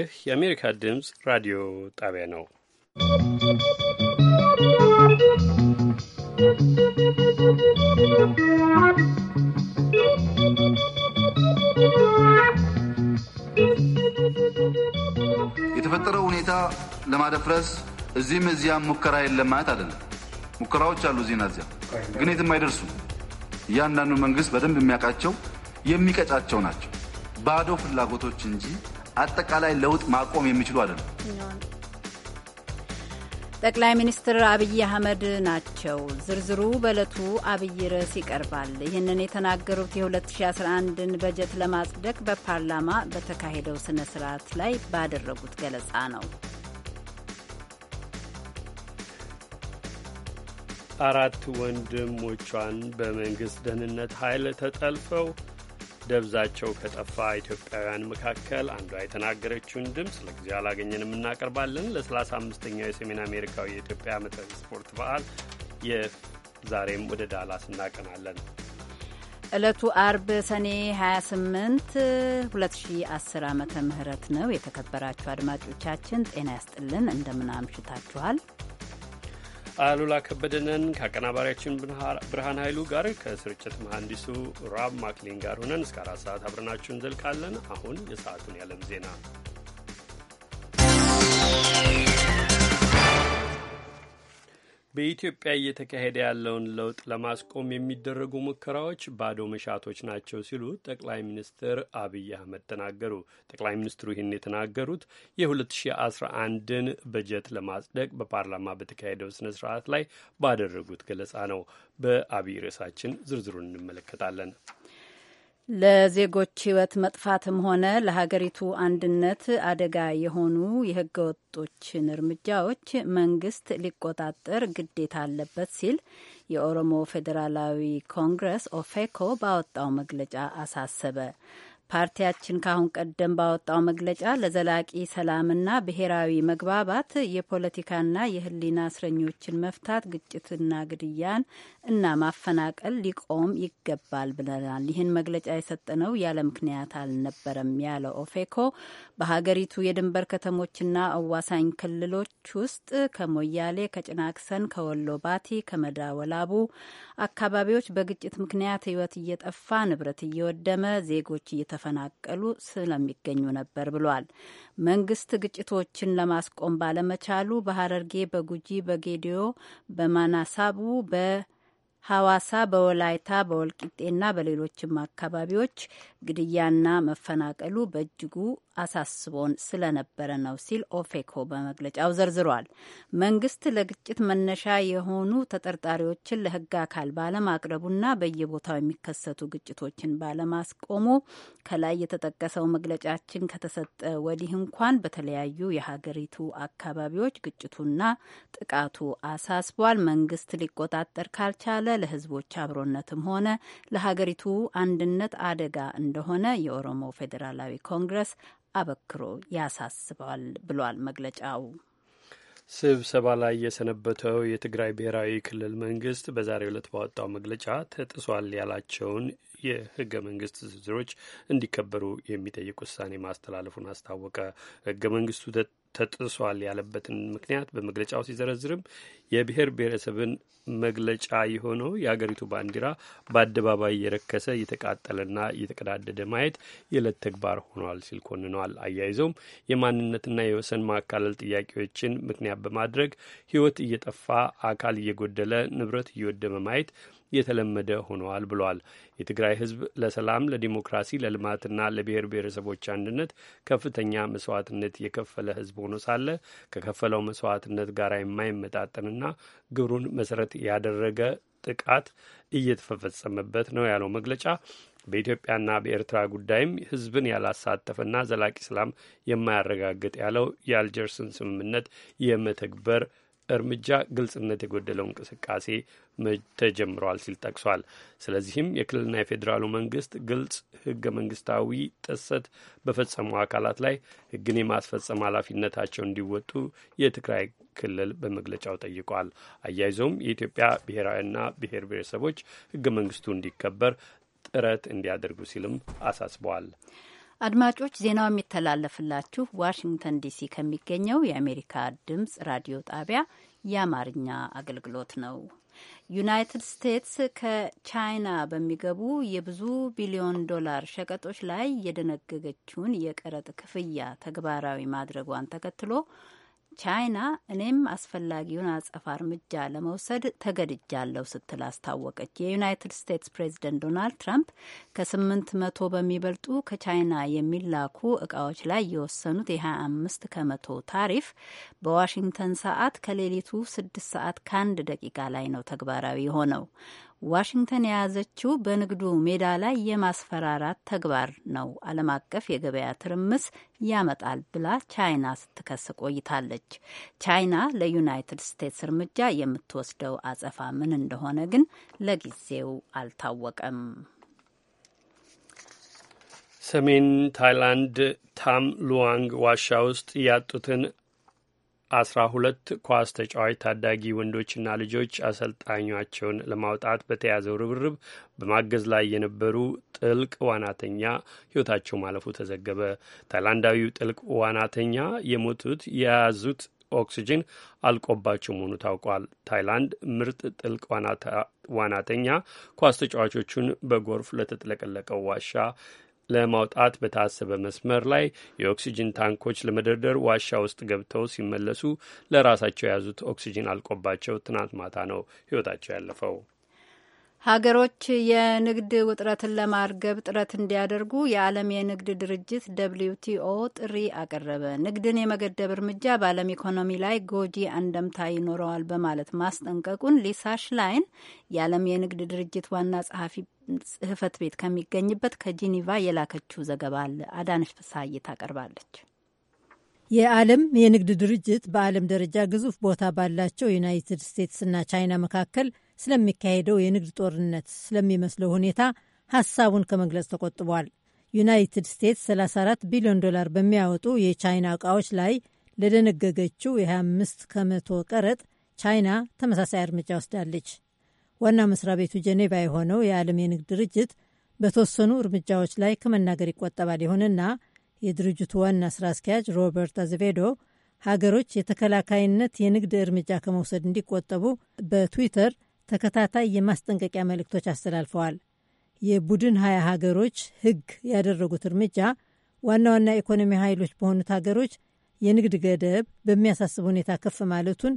ይህ የአሜሪካ ድምፅ ራዲዮ ጣቢያ ነው። የተፈጠረው ሁኔታ ለማደፍረስ እዚህም እዚያም ሙከራ የለም ማለት አይደለም። ሙከራዎች አሉ እዚህና እዚያ፣ ግን የትም አይደርሱም። እያንዳንዱ መንግስት በደንብ የሚያውቃቸው የሚቀጫቸው ናቸው። ባዶ ፍላጎቶች እንጂ አጠቃላይ ለውጥ ማቆም የሚችሉ አይደለም። ጠቅላይ ሚኒስትር አብይ አህመድ ናቸው። ዝርዝሩ በዕለቱ አብይ ርዕስ ይቀርባል። ይህንን የተናገሩት የ2011ን በጀት ለማጽደቅ በፓርላማ በተካሄደው ስነ ስርዓት ላይ ባደረጉት ገለጻ ነው። አራት ወንድሞቿን በመንግሥት ደህንነት ኃይል ተጠልፈው ደብዛቸው ከጠፋ ኢትዮጵያውያን መካከል አንዷ የተናገረችውን ድምፅ ለጊዜው አላገኘንም እናቀርባለን። ለ35ኛው የሰሜን አሜሪካዊ የኢትዮጵያ ዓመተ ስፖርት በዓል የዛሬም ወደ ዳላስ እናቀናለን። ዕለቱ አርብ ሰኔ 28 2010 ዓመተ ምህረት ነው። የተከበራችሁ አድማጮቻችን ጤና ያስጥልን። እንደምን አምሽታችኋል? አሉላ ከበደንን ከአቀናባሪያችን ብርሃን ኃይሉ ጋር ከስርጭት መሐንዲሱ ራብ ማክሊን ጋር ሆነን እስከ አራት ሰዓት አብረናችሁ እንዘልቃለን። አሁን የሰዓቱን ያለም ዜና በኢትዮጵያ እየተካሄደ ያለውን ለውጥ ለማስቆም የሚደረጉ ሙከራዎች ባዶ መሻቶች ናቸው ሲሉ ጠቅላይ ሚኒስትር አብይ አህመድ ተናገሩ። ጠቅላይ ሚኒስትሩ ይህን የተናገሩት የ2011ን በጀት ለማጽደቅ በፓርላማ በተካሄደው ስነ ስርዓት ላይ ባደረጉት ገለጻ ነው። በአብይ ርዕሳችን ዝርዝሩን እንመለከታለን። ለዜጎች ሕይወት መጥፋትም ሆነ ለሀገሪቱ አንድነት አደጋ የሆኑ የህገወጦችን እርምጃዎች መንግስት ሊቆጣጠር ግዴታ አለበት ሲል የኦሮሞ ፌዴራላዊ ኮንግረስ ኦፌኮ ባወጣው መግለጫ አሳሰበ። ፓርቲያችን ካሁን ቀደም ባወጣው መግለጫ ለዘላቂ ሰላምና ብሔራዊ መግባባት የፖለቲካና የሕሊና እስረኞችን መፍታት፣ ግጭትና ግድያን እና ማፈናቀል ሊቆም ይገባል ብለናል። ይህን መግለጫ የሰጠነው ያለ ምክንያት አልነበረም ያለ ኦፌኮ በሀገሪቱ የድንበር ከተሞችና አዋሳኝ ክልሎች ውስጥ ከሞያሌ፣ ከጭናክሰን፣ ከወሎ ባቲ፣ ከመዳ ወላቡ አካባቢዎች በግጭት ምክንያት ሕይወት እየጠፋ ንብረት እየወደመ ዜጎች እየተ እየተፈናቀሉ ስለሚገኙ ነበር ብሏል። መንግስት ግጭቶችን ለማስቆም ባለመቻሉ በሀረርጌ፣ በጉጂ፣ በጌዲዮ፣ በማናሳቡ፣ በ ሐዋሳ በወላይታ በወልቂጤና በሌሎችም አካባቢዎች ግድያና መፈናቀሉ በእጅጉ አሳስቦን ስለነበረ ነው ሲል ኦፌኮ በመግለጫው ዘርዝሯል። መንግስት ለግጭት መነሻ የሆኑ ተጠርጣሪዎችን ለህግ አካል ባለማቅረቡና በየቦታው የሚከሰቱ ግጭቶችን ባለማስቆሙ ከላይ የተጠቀሰው መግለጫችን ከተሰጠ ወዲህ እንኳን በተለያዩ የሀገሪቱ አካባቢዎች ግጭቱና ጥቃቱ አሳስቧል። መንግስት ሊቆጣጠር ካልቻለ ለህዝቦች አብሮነትም ሆነ ለሀገሪቱ አንድነት አደጋ እንደሆነ የኦሮሞ ፌዴራላዊ ኮንግረስ አበክሮ ያሳስባል ብሏል መግለጫው። ስብሰባ ላይ የሰነበተው የትግራይ ብሔራዊ ክልል መንግስት በዛሬው ዕለት ባወጣው መግለጫ ተጥሷል ያላቸውን የህገ መንግስት ዝርዝሮች እንዲከበሩ የሚጠይቅ ውሳኔ ማስተላለፉን አስታወቀ። ህገ መንግስቱ ተጥሷል ያለበትን ምክንያት በመግለጫው ሲዘረዝርም የብሔር ብሔረሰብን መግለጫ የሆነው የአገሪቱ ባንዲራ በአደባባይ የረከሰ የተቃጠለና የተቀዳደደ ማየት የዕለት ተግባር ሆኗል ሲል ኮንኗል። አያይዘውም የማንነትና የወሰን ማካለል ጥያቄዎችን ምክንያት በማድረግ ሕይወት እየጠፋ አካል እየጎደለ ንብረት እየወደመ ማየት የተለመደ ሆነዋል ብሏል። የትግራይ ህዝብ ለሰላም፣ ለዲሞክራሲ፣ ለልማትና ለብሔር ብሔረሰቦች አንድነት ከፍተኛ መስዋዕትነት የከፈለ ህዝብ ሆኖ ሳለ ከከፈለው መስዋዕትነት ጋር የማይመጣጠንና ግብሩን መሰረት ያደረገ ጥቃት እየተፈጸመበት ነው ያለው መግለጫ በኢትዮጵያና በኤርትራ ጉዳይም ህዝብን ያላሳተፈና ዘላቂ ሰላም የማያረጋግጥ ያለው የአልጀርስን ስምምነት የመተግበር እርምጃ ግልጽነት የጎደለው እንቅስቃሴ ተጀምሯል ሲል ጠቅሷል። ስለዚህም የክልልና የፌዴራሉ መንግስት ግልጽ ህገ መንግስታዊ ጥሰት በፈጸሙ አካላት ላይ ህግን የማስፈጸም ኃላፊነታቸው እንዲወጡ የትግራይ ክልል በመግለጫው ጠይቋል። አያይዘውም የኢትዮጵያ ብሔራዊና ብሔር ብሔረሰቦች ህገ መንግስቱ እንዲከበር ጥረት እንዲያደርጉ ሲልም አሳስበዋል። አድማጮች ዜናው የሚተላለፍላችሁ ዋሽንግተን ዲሲ ከሚገኘው የአሜሪካ ድምፅ ራዲዮ ጣቢያ የአማርኛ አገልግሎት ነው። ዩናይትድ ስቴትስ ከቻይና በሚገቡ የብዙ ቢሊዮን ዶላር ሸቀጦች ላይ የደነገገችውን የቀረጥ ክፍያ ተግባራዊ ማድረጓን ተከትሎ ቻይና እኔም አስፈላጊውን አጸፋ እርምጃ ለመውሰድ ተገድጃለሁ ስትል አስታወቀች። የዩናይትድ ስቴትስ ፕሬዚደንት ዶናልድ ትራምፕ ከስምንት መቶ በሚበልጡ ከቻይና የሚላኩ እቃዎች ላይ የወሰኑት የ25 ከመቶ ታሪፍ በዋሽንግተን ሰዓት ከሌሊቱ 6 ሰዓት ከአንድ ደቂቃ ላይ ነው ተግባራዊ የሆነው። ዋሽንግተን የያዘችው በንግዱ ሜዳ ላይ የማስፈራራት ተግባር ነው፣ ዓለም አቀፍ የገበያ ትርምስ ያመጣል ብላ ቻይና ስትከስ ቆይታለች። ቻይና ለዩናይትድ ስቴትስ እርምጃ የምትወስደው አጸፋ ምን እንደሆነ ግን ለጊዜው አልታወቀም። ሰሜን ታይላንድ ታም ሉዋንግ ዋሻ ውስጥ ያጡትን አስራ ሁለት ኳስ ተጫዋች ታዳጊ ወንዶችና ልጆች አሰልጣኛቸውን ለማውጣት በተያዘው ርብርብ በማገዝ ላይ የነበሩ ጥልቅ ዋናተኛ ሕይወታቸው ማለፉ ተዘገበ። ታይላንዳዊው ጥልቅ ዋናተኛ የሞቱት የያዙት ኦክሲጅን አልቆባቸው መሆኑ ታውቋል። ታይላንድ ምርጥ ጥልቅ ዋናተኛ ኳስ ተጫዋቾቹን በጎርፍ ለተጥለቀለቀው ዋሻ ለማውጣት በታሰበ መስመር ላይ የኦክሲጅን ታንኮች ለመደርደር ዋሻ ውስጥ ገብተው ሲመለሱ ለራሳቸው የያዙት ኦክሲጅን አልቆባቸው ትናንት ማታ ነው ሕይወታቸው ያለፈው። ሀገሮች የንግድ ውጥረትን ለማርገብ ጥረት እንዲያደርጉ የዓለም የንግድ ድርጅት ደብልዩ ቲኦ ጥሪ አቀረበ። ንግድን የመገደብ እርምጃ በዓለም ኢኮኖሚ ላይ ጎጂ አንደምታ ይኖረዋል በማለት ማስጠንቀቁን ሊሳ ሽላይን የዓለም የንግድ ድርጅት ዋና ጸሐፊ ጽህፈት ቤት ከሚገኝበት ከጂኒቫ የላከችው ዘገባ አለ። አዳነች ፍሳይ ታቀርባለች። የዓለም የንግድ ድርጅት በዓለም ደረጃ ግዙፍ ቦታ ባላቸው ዩናይትድ ስቴትስና ቻይና መካከል ስለሚካሄደው የንግድ ጦርነት ስለሚመስለው ሁኔታ ሀሳቡን ከመግለጽ ተቆጥቧል። ዩናይትድ ስቴትስ 34 ቢሊዮን ዶላር በሚያወጡ የቻይና ዕቃዎች ላይ ለደነገገችው የ25 ከመቶ ቀረጥ ቻይና ተመሳሳይ እርምጃ ወስዳለች። ዋና መስሪያ ቤቱ ጀኔቫ የሆነው የዓለም የንግድ ድርጅት በተወሰኑ እርምጃዎች ላይ ከመናገር ይቆጠባል። ይሁንና የድርጅቱ ዋና ስራ አስኪያጅ ሮበርት አዘቬዶ ሀገሮች የተከላካይነት የንግድ እርምጃ ከመውሰድ እንዲቆጠቡ በትዊተር ተከታታይ የማስጠንቀቂያ መልእክቶች አስተላልፈዋል። የቡድን ሀያ ሀገሮች ህግ ያደረጉት እርምጃ ዋና ዋና ኢኮኖሚ ኃይሎች በሆኑት ሀገሮች የንግድ ገደብ በሚያሳስብ ሁኔታ ከፍ ማለቱን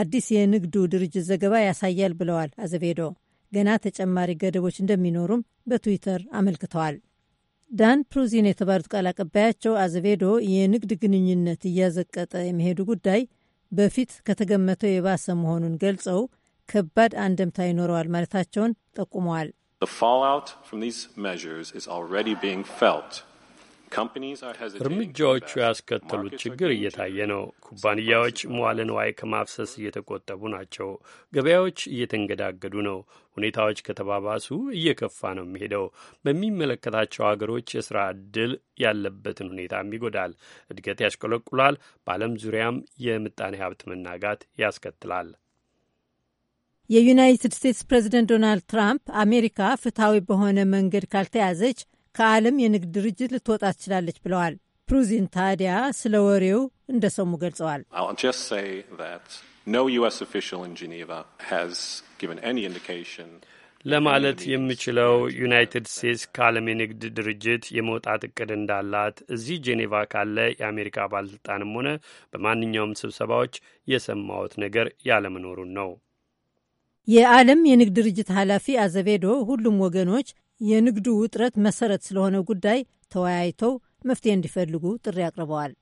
አዲስ የንግዱ ድርጅት ዘገባ ያሳያል ብለዋል አዘቬዶ። ገና ተጨማሪ ገደቦች እንደሚኖሩም በትዊተር አመልክተዋል። ዳን ፕሩዚን የተባሉት ቃል አቀባያቸው አዘቬዶ የንግድ ግንኙነት እያዘቀጠ የሚሄዱ ጉዳይ በፊት ከተገመተው የባሰ መሆኑን ገልጸው ከባድ አንደምታ ይኖረዋል ማለታቸውን ጠቁመዋል። እርምጃዎቹ ያስከተሉት ችግር እየታየ ነው። ኩባንያዎች መዋለ ንዋይ ከማፍሰስ እየተቆጠቡ ናቸው። ገበያዎች እየተንገዳገዱ ነው። ሁኔታዎች ከተባባሱ እየከፋ ነው የሚሄደው። በሚመለከታቸው አገሮች የስራ ዕድል ያለበትን ሁኔታም ይጎዳል። እድገት ያሽቆለቁላል። በዓለም ዙሪያም የምጣኔ ሀብት መናጋት ያስከትላል። የዩናይትድ ስቴትስ ፕሬዚደንት ዶናልድ ትራምፕ አሜሪካ ፍትሐዊ በሆነ መንገድ ካልተያዘች ከዓለም የንግድ ድርጅት ልትወጣ ትችላለች ብለዋል። ፕሩዚን ታዲያ ስለ ወሬው እንደሰሙ ገልጸዋል። ለማለት የምችለው ዩናይትድ ስቴትስ ከዓለም የንግድ ድርጅት የመውጣት እቅድ እንዳላት እዚህ ጄኔቫ ካለ የአሜሪካ ባለሥልጣንም ሆነ በማንኛውም ስብሰባዎች የሰማሁት ነገር ያለመኖሩን ነው። የዓለም የንግድ ድርጅት ኃላፊ አዘቬዶ ሁሉም ወገኖች የንግዱ ውጥረት መሰረት ስለሆነ ጉዳይ ተወያይተው መፍትሄ እንዲፈልጉ ጥሪ አቅርበዋል።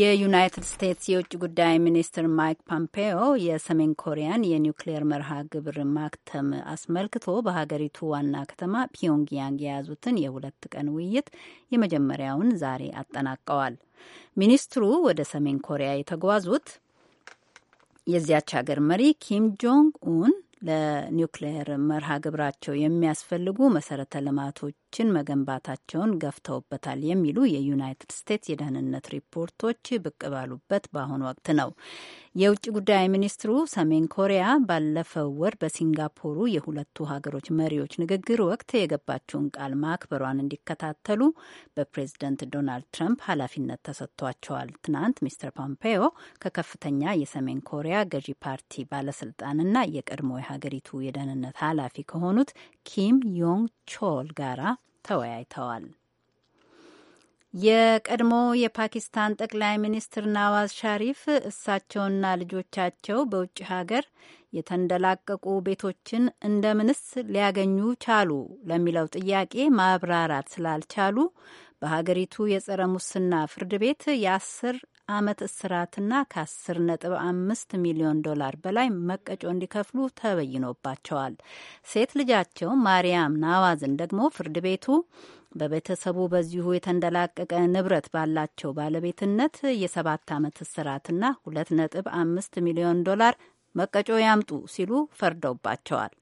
የዩናይትድ ስቴትስ የውጭ ጉዳይ ሚኒስትር ማይክ ፖምፔዮ የሰሜን ኮሪያን የኒውክሌር መርሃ ግብር ማክተም አስመልክቶ በሀገሪቱ ዋና ከተማ ፒዮንግያንግ የያዙትን የሁለት ቀን ውይይት የመጀመሪያውን ዛሬ አጠናቀዋል። ሚኒስትሩ ወደ ሰሜን ኮሪያ የተጓዙት የዚያች ሀገር መሪ ኪም ጆንግ ኡን ለኒውክሌየር መርሃ ግብራቸው የሚያስፈልጉ መሰረተ ልማቶች ችን መገንባታቸውን ገፍተውበታል የሚሉ የዩናይትድ ስቴትስ የደህንነት ሪፖርቶች ብቅ ባሉበት በአሁኑ ወቅት ነው። የውጭ ጉዳይ ሚኒስትሩ ሰሜን ኮሪያ ባለፈው ወር በሲንጋፖሩ የሁለቱ ሀገሮች መሪዎች ንግግር ወቅት የገባችውን ቃል ማክበሯን እንዲከታተሉ በፕሬዝደንት ዶናልድ ትራምፕ ኃላፊነት ተሰጥቷቸዋል። ትናንት ሚስተር ፖምፔዮ ከከፍተኛ የሰሜን ኮሪያ ገዢ ፓርቲ ባለስልጣንና የቀድሞ የሀገሪቱ የደህንነት ኃላፊ ከሆኑት ኪም ዮንግ ቾል ጋራ ተወያይተዋል። የቀድሞ የፓኪስታን ጠቅላይ ሚኒስትር ናዋዝ ሻሪፍ እሳቸውና ልጆቻቸው በውጭ ሀገር የተንደላቀቁ ቤቶችን እንደምንስ ሊያገኙ ቻሉ ለሚለው ጥያቄ ማብራራት ስላልቻሉ በሀገሪቱ የጸረ ሙስና ፍርድ ቤት የአስር ዓመት እስራትና ከ10 ነጥብ 5 ሚሊዮን ዶላር በላይ መቀጮ እንዲከፍሉ ተበይኖባቸዋል። ሴት ልጃቸው ማርያም ናዋዝን ደግሞ ፍርድ ቤቱ በቤተሰቡ በዚሁ የተንደላቀቀ ንብረት ባላቸው ባለቤትነት የሰባት ዓመት እስራትና 2.5 ሚሊዮን ዶላር መቀጮ ያምጡ ሲሉ ፈርደውባቸዋል።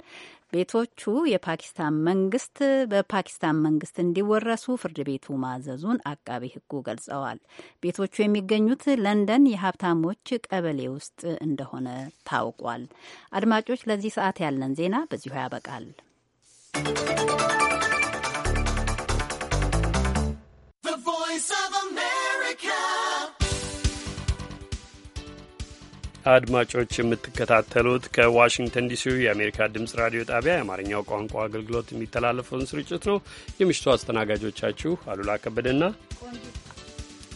ቤቶቹ የፓኪስታን መንግስት በፓኪስታን መንግስት እንዲወረሱ ፍርድ ቤቱ ማዘዙን አቃቤ ህጉ ገልጸዋል። ቤቶቹ የሚገኙት ለንደን የሀብታሞች ቀበሌ ውስጥ እንደሆነ ታውቋል። አድማጮች፣ ለዚህ ሰዓት ያለን ዜና በዚሁ ያበቃል። አድማጮች የምትከታተሉት ከዋሽንግተን ዲሲ የአሜሪካ ድምጽ ራዲዮ ጣቢያ የአማርኛው ቋንቋ አገልግሎት የሚተላለፈውን ስርጭት ነው። የምሽቱ አስተናጋጆቻችሁ አሉላ ከበደና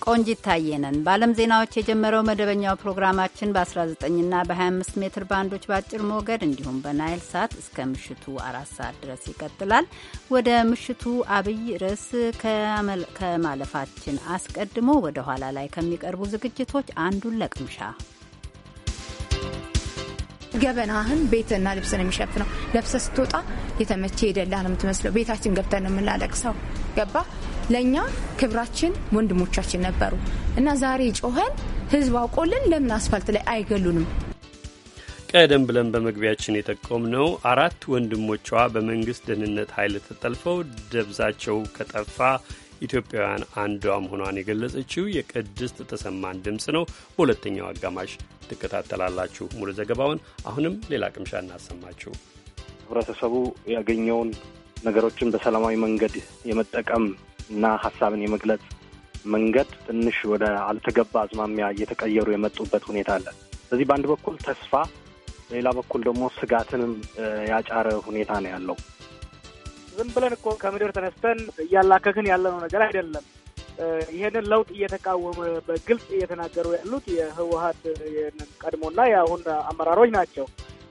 ቆንጂት ታየነን። በዓለም ዜናዎች የጀመረው መደበኛው ፕሮግራማችን በ19ና በ25 ሜትር ባንዶች በአጭር ሞገድ እንዲሁም በናይል ሳት እስከ ምሽቱ አራት ሰዓት ድረስ ይቀጥላል። ወደ ምሽቱ አብይ ርዕስ ከማለፋችን አስቀድሞ ወደ ኋላ ላይ ከሚቀርቡ ዝግጅቶች አንዱን ለቅምሻ ገበናህን ቤትና ልብስን የሚሸፍነው ለብሰ ስትወጣ የተመቼ ሄደላ ነው የምትመስለው። ቤታችን ገብተን የምናለቅሰው ገባ። ለእኛ ክብራችን ወንድሞቻችን ነበሩ እና ዛሬ ጮኸን ህዝብ አውቆልን ለምን አስፋልት ላይ አይገሉንም? ቀደም ብለን በመግቢያችን ነው። አራት ወንድሞቿ በመንግስት ደህንነት ኃይል ተጠልፈው ደብዛቸው ከጠፋ ኢትዮጵያውያን አንዷ መሆኗን የገለጸችው የቅድስት ተሰማን ድምፅ ነው። በሁለተኛው አጋማሽ ትከታተላላችሁ ሙሉ ዘገባውን። አሁንም ሌላ ቅምሻ እናሰማችሁ። ህብረተሰቡ ያገኘውን ነገሮችን በሰላማዊ መንገድ የመጠቀም እና ሀሳብን የመግለጽ መንገድ ትንሽ ወደ አልተገባ አዝማሚያ እየተቀየሩ የመጡበት ሁኔታ አለ። ስለዚህ በአንድ በኩል ተስፋ፣ በሌላ በኩል ደግሞ ስጋትንም ያጫረ ሁኔታ ነው ያለው። ዝም ብለን እኮ ከምድር ተነስተን እያላከክን ያለነው ነገር አይደለም። ይሄንን ለውጥ እየተቃወመ በግልጽ እየተናገሩ ያሉት የህወሀት ቀድሞና የአሁን አመራሮች ናቸው።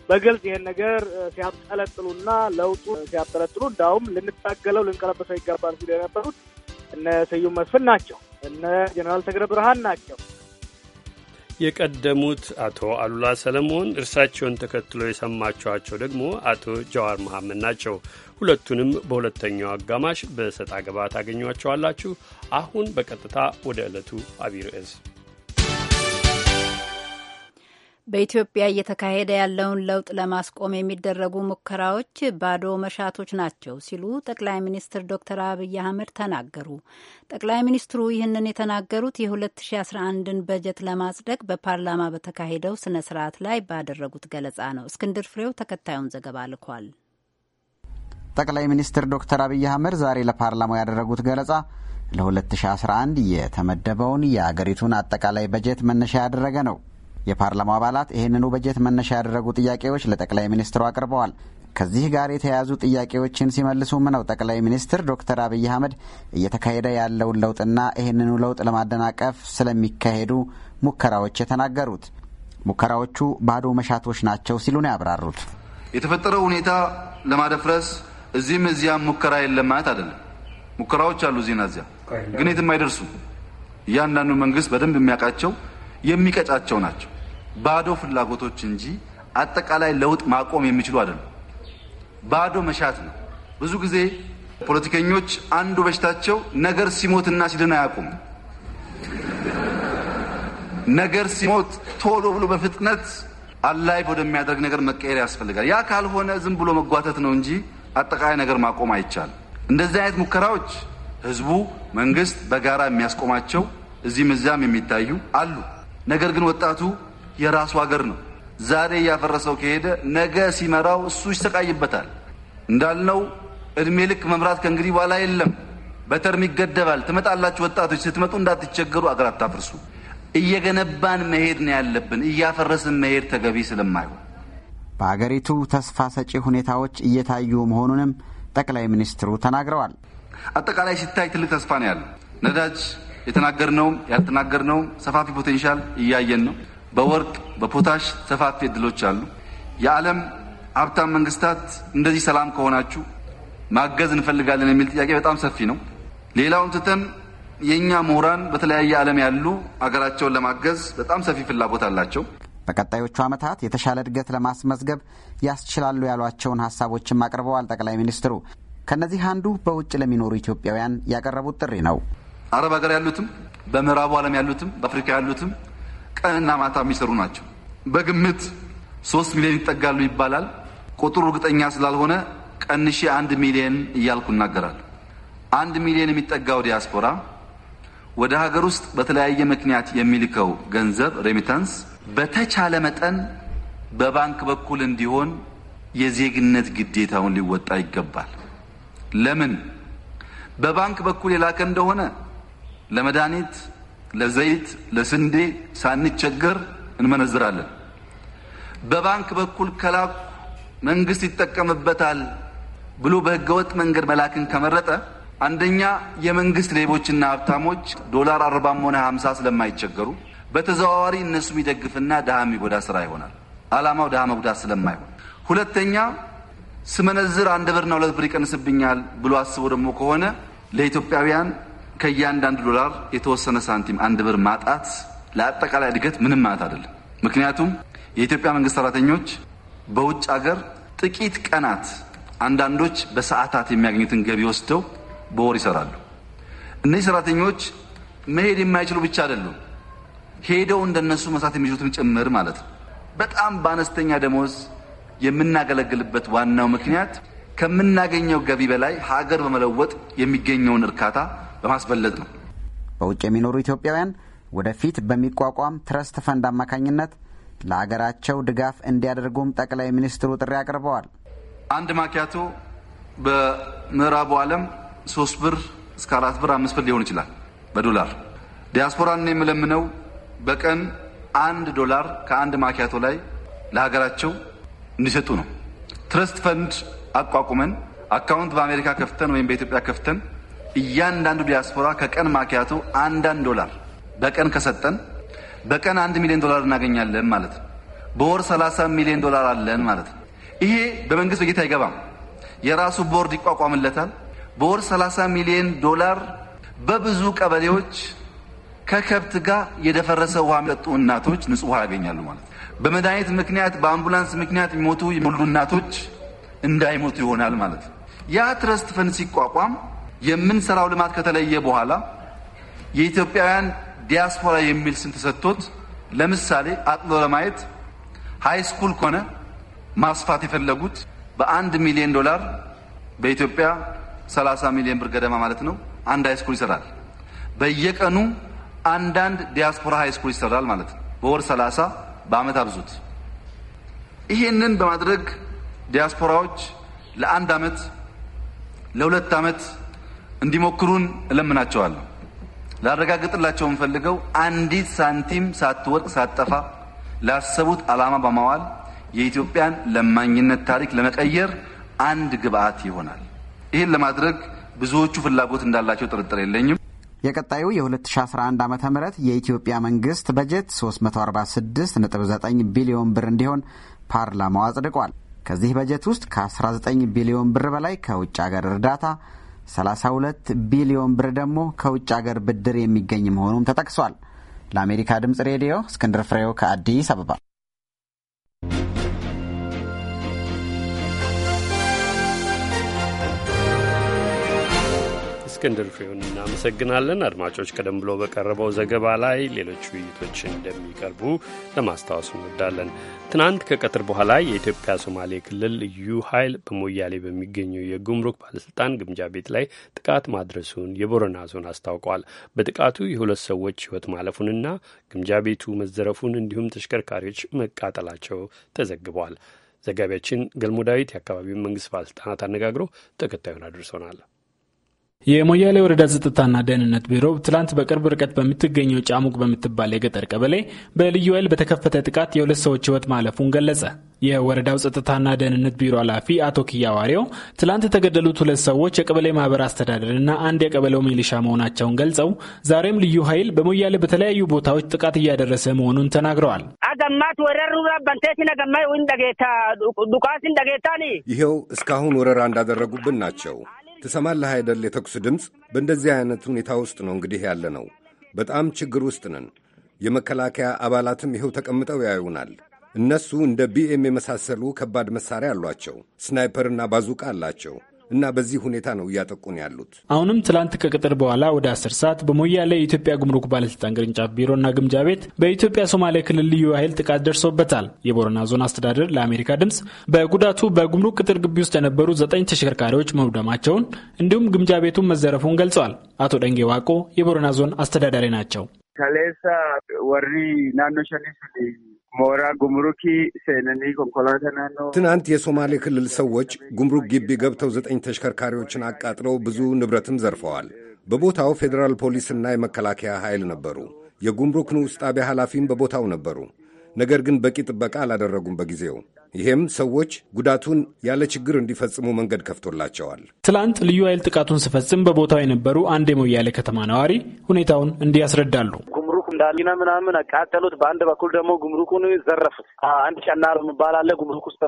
በግልጽ ይሄን ነገር ሲያብጠለጥሉና ለውጡ ሲያብጠለጥሉ እንዳውም ልንታገለው ልንቀለበሰው ይገባል ሲሉ የነበሩት እነ ስዩም መስፍን ናቸው። እነ ጀኔራል ተክለ ብርሃን ናቸው። የቀደሙት አቶ አሉላ ሰለሞን፣ እርሳቸውን ተከትሎ የሰማችኋቸው ደግሞ አቶ ጀዋር መሐመድ ናቸው። ሁለቱንም በሁለተኛው አጋማሽ በሰጣ አገባ ታገኟቸዋላችሁ። አሁን በቀጥታ ወደ ዕለቱ አቢይ ርዕስ በኢትዮጵያ እየተካሄደ ያለውን ለውጥ ለማስቆም የሚደረጉ ሙከራዎች ባዶ መሻቶች ናቸው ሲሉ ጠቅላይ ሚኒስትር ዶክተር አብይ አህመድ ተናገሩ። ጠቅላይ ሚኒስትሩ ይህንን የተናገሩት የ2011ን በጀት ለማጽደቅ በፓርላማ በተካሄደው ስነ ስርዓት ላይ ባደረጉት ገለጻ ነው። እስክንድር ፍሬው ተከታዩን ዘገባ ልኳል። ጠቅላይ ሚኒስትር ዶክተር አብይ አህመድ ዛሬ ለፓርላማው ያደረጉት ገለጻ ለ2011 የተመደበውን የአገሪቱን አጠቃላይ በጀት መነሻ ያደረገ ነው። የፓርላማው አባላት ይህንኑ በጀት መነሻ ያደረጉ ጥያቄዎች ለጠቅላይ ሚኒስትሩ አቅርበዋል። ከዚህ ጋር የተያያዙ ጥያቄዎችን ሲመልሱም ነው ጠቅላይ ሚኒስትር ዶክተር አብይ አህመድ እየተካሄደ ያለውን ለውጥና ይህንኑ ለውጥ ለማደናቀፍ ስለሚካሄዱ ሙከራዎች የተናገሩት። ሙከራዎቹ ባዶ መሻቶች ናቸው ሲሉ ነው ያብራሩት። የተፈጠረው ሁኔታ ለማደፍረስ እዚህም እዚያም ሙከራ የለም ማለት አይደለም። ሙከራዎች አሉ እዚህና እዚያ፣ ግን የትም አይደርሱ። እያንዳንዱ መንግስት በደንብ የሚያውቃቸው የሚቀጫቸው ናቸው። ባዶ ፍላጎቶች እንጂ አጠቃላይ ለውጥ ማቆም የሚችሉ አይደለም። ባዶ መሻት ነው። ብዙ ጊዜ ፖለቲከኞች አንዱ በሽታቸው ነገር ሲሞትና ሲድን አያውቁም። ነገር ሲሞት ቶሎ ብሎ በፍጥነት አላይ ወደሚያደርግ ነገር መቀየር ያስፈልጋል። ያ ካልሆነ ዝም ብሎ መጓተት ነው እንጂ አጠቃላይ ነገር ማቆም አይቻልም። እንደዚህ አይነት ሙከራዎች ህዝቡ፣ መንግስት በጋራ የሚያስቆማቸው እዚህም እዚያም የሚታዩ አሉ። ነገር ግን ወጣቱ የራሱ ሀገር ነው። ዛሬ እያፈረሰው ከሄደ ነገ ሲመራው እሱ ይሰቃይበታል። እንዳልነው እድሜ ልክ መምራት ከእንግዲህ በኋላ የለም። በተርም ይገደባል። ትመጣላችሁ ወጣቶች፣ ስትመጡ እንዳትቸገሩ፣ አገር አታፍርሱ። እየገነባን መሄድ ነው ያለብን። እያፈረስን መሄድ ተገቢ ስለማይሆን በአገሪቱ ተስፋ ሰጪ ሁኔታዎች እየታዩ መሆኑንም ጠቅላይ ሚኒስትሩ ተናግረዋል። አጠቃላይ ሲታይ ትልቅ ተስፋ ነው ያለ ነዳጅ የተናገርነውም ያልተናገርነውም ሰፋፊ ፖቴንሻል እያየን ነው። በወርቅ በፖታሽ ሰፋፊ እድሎች አሉ። የዓለም ሀብታም መንግስታት እንደዚህ ሰላም ከሆናችሁ ማገዝ እንፈልጋለን የሚል ጥያቄ በጣም ሰፊ ነው። ሌላውን ትተን የእኛ ምሁራን በተለያየ ዓለም ያሉ አገራቸውን ለማገዝ በጣም ሰፊ ፍላጎት አላቸው። በቀጣዮቹ ዓመታት የተሻለ እድገት ለማስመዝገብ ያስችላሉ ያሏቸውን ሀሳቦችም አቅርበዋል ጠቅላይ ሚኒስትሩ። ከእነዚህ አንዱ በውጭ ለሚኖሩ ኢትዮጵያውያን ያቀረቡት ጥሪ ነው። አረብ ሀገር ያሉትም በምዕራቡ ዓለም ያሉትም በአፍሪካ ያሉትም ቀንና ማታ የሚሰሩ ናቸው። በግምት ሶስት ሚሊዮን ይጠጋሉ ይባላል። ቁጥሩ እርግጠኛ ስላልሆነ ቀንሺ አንድ ሚሊዮን እያልኩ ይናገራል። አንድ ሚሊዮን የሚጠጋው ዲያስፖራ ወደ ሀገር ውስጥ በተለያየ ምክንያት የሚልከው ገንዘብ ሬሚታንስ በተቻለ መጠን በባንክ በኩል እንዲሆን የዜግነት ግዴታውን ሊወጣ ይገባል። ለምን በባንክ በኩል የላከ እንደሆነ ለመድኃኒት፣ ለዘይት፣ ለስንዴ ሳንቸገር እንመነዝራለን። በባንክ በኩል ከላኩ መንግስት ይጠቀምበታል ብሎ በህገወጥ መንገድ መላክን ከመረጠ አንደኛ የመንግስት ሌቦችና ሀብታሞች ዶላር አርባም ሆነ ሀምሳ ስለማይቸገሩ በተዘዋዋሪ እነሱ የሚደግፍና ድሃ የሚጎዳ ስራ ይሆናል። አላማው ድሃ መጉዳት ስለማይሆን፣ ሁለተኛ ስመነዝር አንድ ብርና ሁለት ብር ይቀንስብኛል ብሎ አስቦ ደግሞ ከሆነ ለኢትዮጵያውያን ከእያንዳንዱ ዶላር የተወሰነ ሳንቲም አንድ ብር ማጣት ለአጠቃላይ እድገት ምንም ማለት አይደለም። ምክንያቱም የኢትዮጵያ መንግስት ሰራተኞች በውጭ ሀገር ጥቂት ቀናት አንዳንዶች በሰዓታት የሚያገኙትን ገቢ ወስደው በወር ይሰራሉ። እነዚህ ሰራተኞች መሄድ የማይችሉ ብቻ አይደሉም። ሄደው እንደነሱ መስራት የሚችሉትም ጭምር ማለት ነው። በጣም በአነስተኛ ደሞዝ የምናገለግልበት ዋናው ምክንያት ከምናገኘው ገቢ በላይ ሀገር በመለወጥ የሚገኘውን እርካታ በማስበለጥ ነው። በውጭ የሚኖሩ ኢትዮጵያውያን ወደፊት በሚቋቋም ትረስት ፈንድ አማካኝነት ለሀገራቸው ድጋፍ እንዲያደርጉም ጠቅላይ ሚኒስትሩ ጥሪ አቅርበዋል። አንድ ማኪያቶ በምዕራቡ ዓለም ሶስት ብር እስከ አራት ብር አምስት ብር ሊሆን ይችላል በዶላር ዲያስፖራን የምለምነው በቀን አንድ ዶላር ከአንድ ማኪያቶ ላይ ለሀገራቸው እንዲሰጡ ነው። ትረስት ፈንድ አቋቁመን አካውንት በአሜሪካ ከፍተን ወይም በኢትዮጵያ ከፍተን እያንዳንዱ ዲያስፖራ ከቀን ማኪያቶ አንዳንድ ዶላር በቀን ከሰጠን በቀን አንድ ሚሊዮን ዶላር እናገኛለን ማለት ነው። በወር 30 ሚሊዮን ዶላር አለን ማለት ነው። ይሄ በመንግስት በጀት አይገባም። የራሱ ቦርድ ይቋቋምለታል። በወር 30 ሚሊዮን ዶላር በብዙ ቀበሌዎች ከከብት ጋር የደፈረሰ ውሃ የሚጠጡ እናቶች ንጹህ ውሃ ያገኛሉ ማለት በመድኃኒት ምክንያት በአምቡላንስ ምክንያት የሚሞቱ የሞሉ እናቶች እንዳይሞቱ ይሆናል ማለት ነው። ያ ትረስት ፈንድ ሲቋቋም የምንሰራው ልማት ከተለየ በኋላ የኢትዮጵያውያን ዲያስፖራ የሚል ስም ተሰጥቶት ለምሳሌ አጥሎ ለማየት ሃይ ስኩል ከሆነ ማስፋት የፈለጉት በአንድ ሚሊዮን ዶላር በኢትዮጵያ 30 ሚሊዮን ብር ገደማ ማለት ነው። አንድ ሃይ ስኩል ይሰራል በየቀኑ አንዳንድ ዲያስፖራ ሃይስኩል ስኩል ይሰራል ማለት ነው። በወር 30 በአመት አብዙት። ይህንን በማድረግ ዲያስፖራዎች ለአንድ አመት ለሁለት አመት እንዲሞክሩን እለምናቸዋለሁ። ላረጋግጥላቸው የምፈልገው አንዲት ሳንቲም ሳትወርቅ ሳትጠፋ ላሰቡት አላማ በማዋል የኢትዮጵያን ለማኝነት ታሪክ ለመቀየር አንድ ግብአት ይሆናል። ይህን ለማድረግ ብዙዎቹ ፍላጎት እንዳላቸው ጥርጥር የለኝም። የቀጣዩ የ2011 ዓ ም የኢትዮጵያ መንግስት በጀት 346.9 ቢሊዮን ብር እንዲሆን ፓርላማው አጽድቋል። ከዚህ በጀት ውስጥ ከ19 ቢሊዮን ብር በላይ ከውጭ አገር እርዳታ፣ 32 ቢሊዮን ብር ደግሞ ከውጭ አገር ብድር የሚገኝ መሆኑም ተጠቅሷል። ለአሜሪካ ድምፅ ሬዲዮ እስክንድር ፍሬው ከአዲስ አበባ እስክንድር ፍሬውን እናመሰግናለን። አድማጮች፣ ቀደም ብሎ በቀረበው ዘገባ ላይ ሌሎች ውይይቶች እንደሚቀርቡ ለማስታወስ እንወዳለን። ትናንት ከቀትር በኋላ የኢትዮጵያ ሶማሌ ክልል ልዩ ኃይል በሞያሌ በሚገኘው የጉምሩክ ባለስልጣን ግምጃ ቤት ላይ ጥቃት ማድረሱን የቦረና ዞን አስታውቋል። በጥቃቱ የሁለት ሰዎች ሕይወት ማለፉንና ግምጃ ቤቱ መዘረፉን እንዲሁም ተሽከርካሪዎች መቃጠላቸው ተዘግቧል። ዘጋቢያችን ገልሞ ዳዊት የአካባቢውን መንግስት ባለስልጣናት አነጋግሮ ተከታዩን አድርሶናል። የሞያሌ ወረዳ ጸጥታና ደህንነት ቢሮ ትላንት በቅርብ ርቀት በምትገኘው ጫሙቅ በምትባል የገጠር ቀበሌ በልዩ ኃይል በተከፈተ ጥቃት የሁለት ሰዎች ህይወት ማለፉን ገለጸ። የወረዳው ጸጥታና ደህንነት ቢሮ ኃላፊ አቶ ዋሬው ትላንት የተገደሉት ሁለት ሰዎች የቀበሌ ማህበር አስተዳደርና አንድ የቀበሌው ሚሊሻ መሆናቸውን ገልጸው ዛሬም ልዩ ኃይል በሞያሌ በተለያዩ ቦታዎች ጥቃት እያደረሰ መሆኑን ተናግረዋል። ይኸው እስካሁን ወረራ እንዳደረጉብን ናቸው ትሰማለህ አይደል? የተኩስ ድምፅ በእንደዚህ አይነት ሁኔታ ውስጥ ነው እንግዲህ ያለ ነው። በጣም ችግር ውስጥ ነን። የመከላከያ አባላትም ይኸው ተቀምጠው ያዩናል። እነሱ እንደ ቢኤም የመሳሰሉ ከባድ መሳሪያ አሏቸው። ስናይፐርና ባዙቃ አላቸው። እና በዚህ ሁኔታ ነው እያጠቁን ያሉት። አሁንም ትላንት ከቅጥር በኋላ ወደ አስር ሰዓት በሞያሌ የኢትዮጵያ ጉምሩክ ባለስልጣን ቅርንጫፍ ቢሮና ግምጃ ቤት በኢትዮጵያ ሶማሌ ክልል ልዩ ኃይል ጥቃት ደርሶበታል። የቦረና ዞን አስተዳደር ለአሜሪካ ድምፅ በጉዳቱ በጉምሩክ ቅጥር ግቢ ውስጥ የነበሩ ዘጠኝ ተሽከርካሪዎች መውደማቸውን እንዲሁም ግምጃ ቤቱን መዘረፉን ገልጸዋል። አቶ ደንጌ ዋቆ የቦረና ዞን አስተዳዳሪ ናቸው። ከሌሳ ወሪ ናኖ ሞራ ጉምሩኪ ሴነኒ ኮንኮላተናኖ ትናንት የሶማሌ ክልል ሰዎች ጉምሩክ ግቢ ገብተው ዘጠኝ ተሽከርካሪዎችን አቃጥለው ብዙ ንብረትም ዘርፈዋል። በቦታው ፌዴራል ፖሊስና የመከላከያ ኃይል ነበሩ። የጉምሩክ ንዑስ ጣቢያ ኃላፊም በቦታው ነበሩ። ነገር ግን በቂ ጥበቃ አላደረጉም በጊዜው። ይሄም ሰዎች ጉዳቱን ያለ ችግር እንዲፈጽሙ መንገድ ከፍቶላቸዋል። ትላንት ልዩ ኃይል ጥቃቱን ሲፈጽም በቦታው የነበሩ አንድ የሞያሌ ከተማ ነዋሪ ሁኔታውን እንዲህ ያስረዳሉ። እንዳለ ምናምን አቃጠሉት። በአንድ በኩል ደግሞ ጉምሩኩን ዘረፉት። አንድ ጨናር የሚባል አለ ጉምሩክ ውስጥ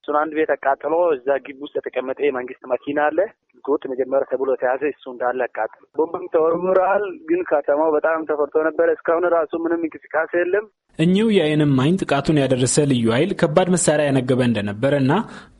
እሱን አንድ ቤት አቃጥሎ እዛ ግቢ ውስጥ የተቀመጠ የመንግስት መኪና አለ። ጎጥ መጀመሪያ ተብሎ ተያዘ። እሱ እንዳለ አቃጥሎ ቦምብም ተወርውረዋል። ግን ከተማው በጣም ተፈርቶ ነበረ። እስካሁን ራሱ ምንም እንቅስቃሴ የለም። እኚሁ የአይንም እማኝ ጥቃቱን ያደረሰ ልዩ ኃይል ከባድ መሳሪያ ያነገበ እንደነበረ እና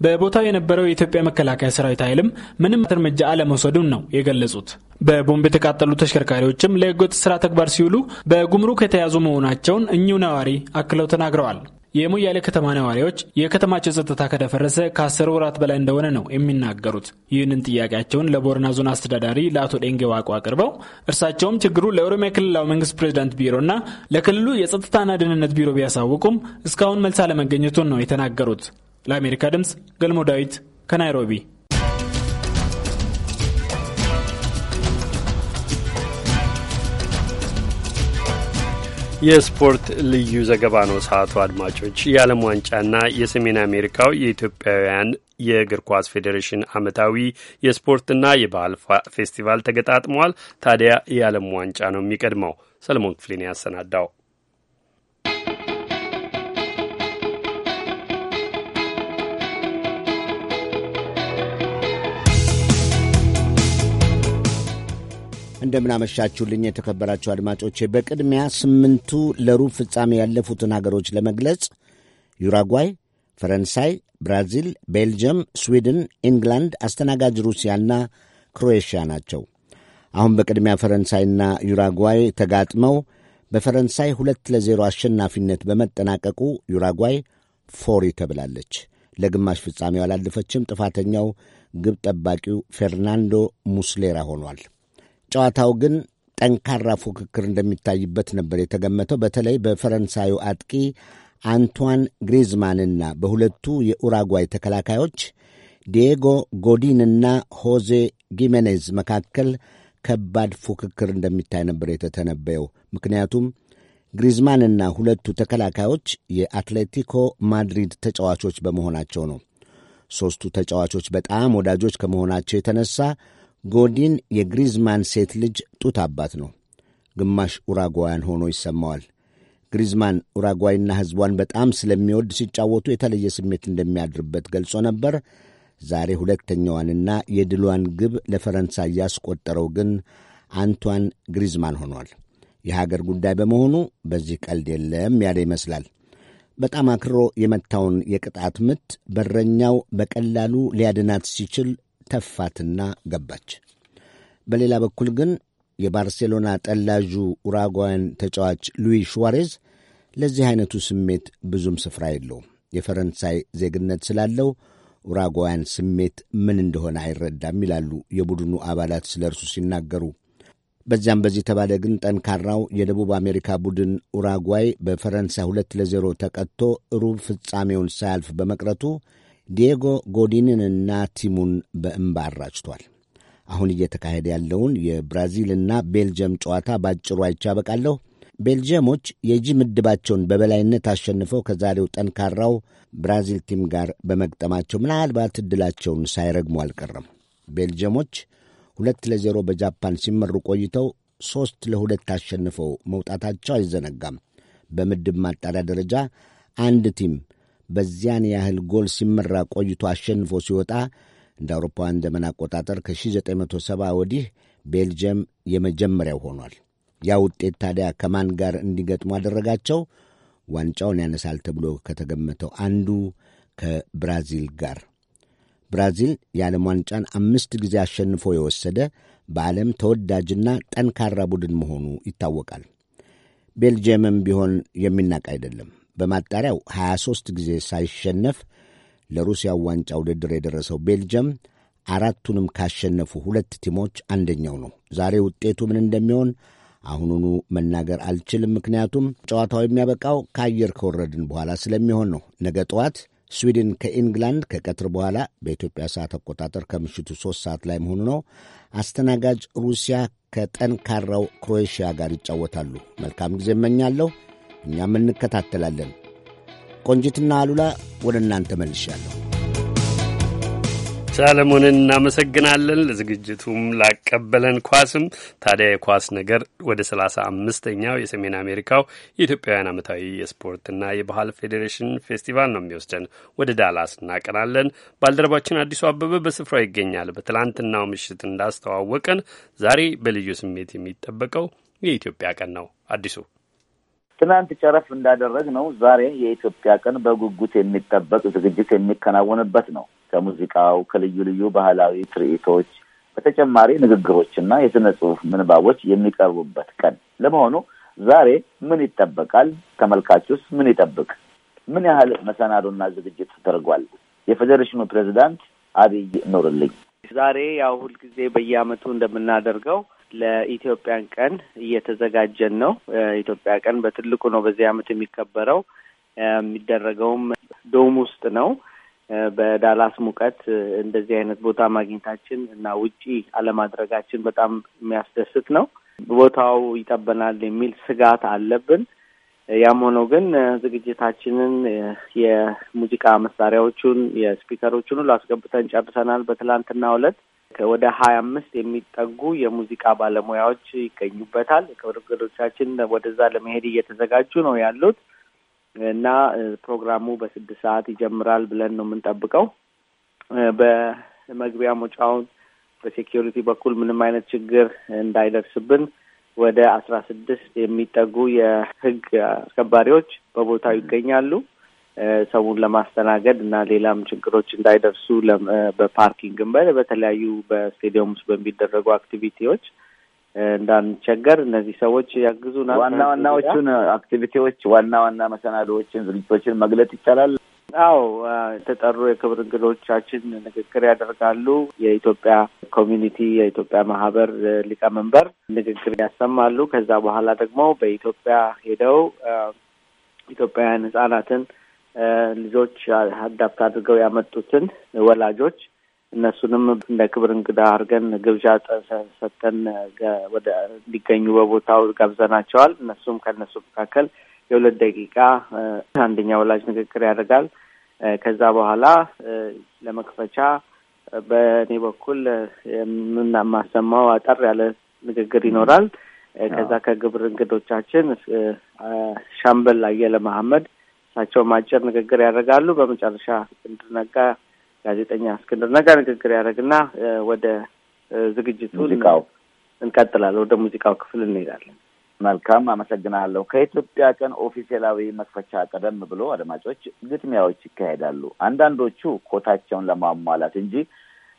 በቦታው የነበረው የኢትዮጵያ መከላከያ ሰራዊት ኃይልም ምንም እርምጃ አለመውሰዱን ነው የገለጹት። በቦምብ የተቃጠሉ ተሽከርካሪዎችም ለህገወጥ ስራ ተግባር ሲውሉ በጉምሩክ የተያዙ መሆናቸውን እኚሁ ነዋሪ አክለው ተናግረዋል። የሞያሌ ከተማ ነዋሪዎች የከተማቸው ጸጥታ ከደፈረሰ ከአስር ወራት በላይ እንደሆነ ነው የሚናገሩት። ይህንን ጥያቄያቸውን ለቦረና ዞን አስተዳዳሪ ለአቶ ደንጌ ዋቆ አቅርበው እርሳቸውም ችግሩ ለኦሮሚያ ክልላዊ መንግስት ፕሬዚዳንት ቢሮና ለክልሉ የጸጥታና ደህንነት ቢሮ ቢያሳውቁም እስካሁን መልስ አለመገኘቱን ነው የተናገሩት። ለአሜሪካ ድምፅ ገልሞ ዳዊት ከናይሮቢ የስፖርት ልዩ ዘገባ ነው ሰዓቱ። አድማጮች የዓለም ዋንጫና የሰሜን አሜሪካው የኢትዮጵያውያን የእግር ኳስ ፌዴሬሽን ዓመታዊ የስፖርትና የባህል ፌስቲቫል ተገጣጥመዋል። ታዲያ የዓለም ዋንጫ ነው የሚቀድመው። ሰለሞን ክፍሌን ያሰናዳው እንደምናመሻችሁልኝ የተከበራችሁ አድማጮቼ፣ በቅድሚያ ስምንቱ ለሩብ ፍጻሜ ያለፉትን ሀገሮች ለመግለጽ ዩራጓይ፣ ፈረንሳይ፣ ብራዚል፣ ቤልጅየም፣ ስዊድን፣ ኢንግላንድ፣ አስተናጋጅ ሩሲያና ክሮኤሽያ ናቸው። አሁን በቅድሚያ ፈረንሳይና ዩራጓይ ተጋጥመው በፈረንሳይ ሁለት ለዜሮ አሸናፊነት በመጠናቀቁ ዩራጓይ ፎሪ ተብላለች። ለግማሽ ፍጻሜው አላለፈችም። ጥፋተኛው ግብ ጠባቂው ፌርናንዶ ሙስሌራ ሆኗል። ጨዋታው ግን ጠንካራ ፉክክር እንደሚታይበት ነበር የተገመተው። በተለይ በፈረንሳዩ አጥቂ አንቷን ግሪዝማንና በሁለቱ የኡራጓይ ተከላካዮች ዲዬጎ ጎዲንና ሆዜ ጊሜኔዝ መካከል ከባድ ፉክክር እንደሚታይ ነበር የተተነበየው። ምክንያቱም ግሪዝማንና ሁለቱ ተከላካዮች የአትሌቲኮ ማድሪድ ተጫዋቾች በመሆናቸው ነው። ሦስቱ ተጫዋቾች በጣም ወዳጆች ከመሆናቸው የተነሳ ጎዲን የግሪዝማን ሴት ልጅ ጡት አባት ነው። ግማሽ ኡራጓያን ሆኖ ይሰማዋል። ግሪዝማን ኡራጓይና ሕዝቧን በጣም ስለሚወድ ሲጫወቱ የተለየ ስሜት እንደሚያድርበት ገልጾ ነበር። ዛሬ ሁለተኛዋንና የድሏን ግብ ለፈረንሳይ ያስቆጠረው ግን አንቷን ግሪዝማን ሆኗል። የሀገር ጉዳይ በመሆኑ በዚህ ቀልድ የለም ያለ ይመስላል። በጣም አክርሮ የመታውን የቅጣት ምት በረኛው በቀላሉ ሊያድናት ሲችል ተፋትና ገባች። በሌላ በኩል ግን የባርሴሎና ጠላዡ ኡራጓያን ተጫዋች ሉዊ ሹዋሬዝ ለዚህ አይነቱ ስሜት ብዙም ስፍራ የለውም። የፈረንሳይ ዜግነት ስላለው ኡራጓያን ስሜት ምን እንደሆነ አይረዳም ይላሉ የቡድኑ አባላት ስለ እርሱ ሲናገሩ። በዚያም በዚህ ተባለ ግን ጠንካራው የደቡብ አሜሪካ ቡድን ኡራጓይ በፈረንሳይ ሁለት ለዜሮ ተቀጥቶ ሩብ ፍጻሜውን ሳያልፍ በመቅረቱ ዲየጎ ጎዲንንና ቲሙን በእምባ አራጭቷል። አሁን እየተካሄደ ያለውን የብራዚልና ቤልጅየም ጨዋታ ባጭሩ አይቻበቃለሁ። ቤልጅየሞች የጂ ምድባቸውን በበላይነት አሸንፈው ከዛሬው ጠንካራው ብራዚል ቲም ጋር በመግጠማቸው ምናልባት ዕድላቸውን ሳይረግሙ አልቀረም። ቤልጅየሞች ሁለት ለዜሮ በጃፓን ሲመሩ ቆይተው ሦስት ለሁለት አሸንፈው መውጣታቸው አይዘነጋም። በምድብ ማጣሪያ ደረጃ አንድ ቲም በዚያን ያህል ጎል ሲመራ ቆይቶ አሸንፎ ሲወጣ እንደ አውሮፓውያን ዘመን አቆጣጠር ከ1970 ወዲህ ቤልጅየም የመጀመሪያው ሆኗል። ያ ውጤት ታዲያ ከማን ጋር እንዲገጥሙ አደረጋቸው? ዋንጫውን ያነሳል ተብሎ ከተገመተው አንዱ ከብራዚል ጋር። ብራዚል የዓለም ዋንጫን አምስት ጊዜ አሸንፎ የወሰደ በዓለም ተወዳጅና ጠንካራ ቡድን መሆኑ ይታወቃል። ቤልጅየምም ቢሆን የሚናቅ አይደለም። በማጣሪያው 23 ጊዜ ሳይሸነፍ ለሩሲያው ዋንጫ ውድድር የደረሰው ቤልጅየም አራቱንም ካሸነፉ ሁለት ቲሞች አንደኛው ነው። ዛሬ ውጤቱ ምን እንደሚሆን አሁኑኑ መናገር አልችልም፣ ምክንያቱም ጨዋታው የሚያበቃው ከአየር ከወረድን በኋላ ስለሚሆን ነው። ነገ ጠዋት ስዊድን ከኢንግላንድ ከቀትር በኋላ በኢትዮጵያ ሰዓት አቆጣጠር ከምሽቱ ሦስት ሰዓት ላይ መሆኑ ነው። አስተናጋጅ ሩሲያ ከጠንካራው ክሮኤሽያ ጋር ይጫወታሉ። መልካም ጊዜ እመኛለሁ። እኛም እንከታተላለን። ቆንጅትና አሉላ ወደ እናንተ መልሻለሁ። ሰለሞንን እናመሰግናለን። ለዝግጅቱም ላቀበለን ኳስም ታዲያ የኳስ ነገር ወደ ሰላሳ አምስተኛው የሰሜን አሜሪካው የኢትዮጵያውያን ዓመታዊ የስፖርትና የባህል ፌዴሬሽን ፌስቲቫል ነው የሚወስደን ወደ ዳላስ እናቀናለን። ባልደረባችን አዲሱ አበበ በስፍራው ይገኛል። በትላንትናው ምሽት እንዳስተዋወቀን ዛሬ በልዩ ስሜት የሚጠበቀው የኢትዮጵያ ቀን ነው። አዲሱ ትናንት ጨረፍ እንዳደረግ ነው ዛሬ የኢትዮጵያ ቀን በጉጉት የሚጠበቅ ዝግጅት የሚከናወንበት ነው። ከሙዚቃው ከልዩ ልዩ ባህላዊ ትርኢቶች በተጨማሪ ንግግሮችና የስነ ጽሑፍ ምንባቦች የሚቀርቡበት ቀን ለመሆኑ ዛሬ ምን ይጠበቃል? ተመልካቹስ ምን ይጠብቅ? ምን ያህል መሰናዶና ዝግጅት ተደርጓል? የፌዴሬሽኑ ፕሬዚዳንት አብይ ኑርልኝ። ዛሬ ያው ሁልጊዜ በየዓመቱ እንደምናደርገው ለኢትዮጵያን ቀን እየተዘጋጀን ነው። ኢትዮጵያ ቀን በትልቁ ነው በዚህ ዓመት የሚከበረው። የሚደረገውም ዶም ውስጥ ነው። በዳላስ ሙቀት እንደዚህ አይነት ቦታ ማግኘታችን እና ውጪ አለማድረጋችን በጣም የሚያስደስት ነው። ቦታው ይጠበናል የሚል ስጋት አለብን። ያም ሆኖ ግን ዝግጅታችንን የሙዚቃ መሳሪያዎቹን፣ የስፒከሮቹን ሁሉ አስገብተን ጨርሰናል በትላንትናው ዕለት ወደ ሀያ አምስት የሚጠጉ የሙዚቃ ባለሙያዎች ይገኙበታል። ክብር ወደዛ ለመሄድ እየተዘጋጁ ነው ያሉት እና ፕሮግራሙ በስድስት ሰዓት ይጀምራል ብለን ነው የምንጠብቀው። በመግቢያ መውጫውን በሴኪሪቲ በኩል ምንም አይነት ችግር እንዳይደርስብን ወደ አስራ ስድስት የሚጠጉ የህግ አስከባሪዎች በቦታው ይገኛሉ። ሰውን ለማስተናገድ እና ሌላም ችግሮች እንዳይደርሱ በፓርኪንግም በ በተለያዩ በስቴዲየም ውስጥ በሚደረጉ አክቲቪቲዎች እንዳንቸገር እነዚህ ሰዎች ያግዙናል። ዋና ዋናዎቹን አክቲቪቲዎች ዋና ዋና መሰናዶዎችን፣ ዝግጅቶችን መግለጥ ይቻላል። አዎ የተጠሩ የክብር እንግዶቻችን ንግግር ያደርጋሉ። የኢትዮጵያ ኮሚኒቲ የኢትዮጵያ ማህበር ሊቀመንበር ንግግር ያሰማሉ። ከዛ በኋላ ደግሞ በኢትዮጵያ ሄደው ኢትዮጵያውያን ህጻናትን ልጆች አዳፕት አድርገው ያመጡትን ወላጆች እነሱንም እንደ ክብር እንግዳ አድርገን ግብዣ ሰተን ወደ እንዲገኙ በቦታው ጋብዘናቸዋል። እነሱም ከእነሱ መካከል የሁለት ደቂቃ አንደኛ ወላጅ ንግግር ያደርጋል። ከዛ በኋላ ለመክፈቻ በእኔ በኩል የምናማሰማው አጠር ያለ ንግግር ይኖራል። ከዛ ከግብር እንግዶቻችን ሻምበል አየለ መሀመድ እሳቸውም አጭር ንግግር ያደርጋሉ። በመጨረሻ እስክንድር ነጋ ጋዜጠኛ እስክንድር ነጋ ንግግር ያደርግና ወደ ዝግጅቱ ሙዚቃው እንቀጥላለን። ወደ ሙዚቃው ክፍል እንሄዳለን። መልካም አመሰግናለሁ። ከኢትዮጵያ ቀን ኦፊሴላዊ መክፈቻ ቀደም ብሎ አድማጮች ግጥሚያዎች ይካሄዳሉ። አንዳንዶቹ ኮታቸውን ለማሟላት እንጂ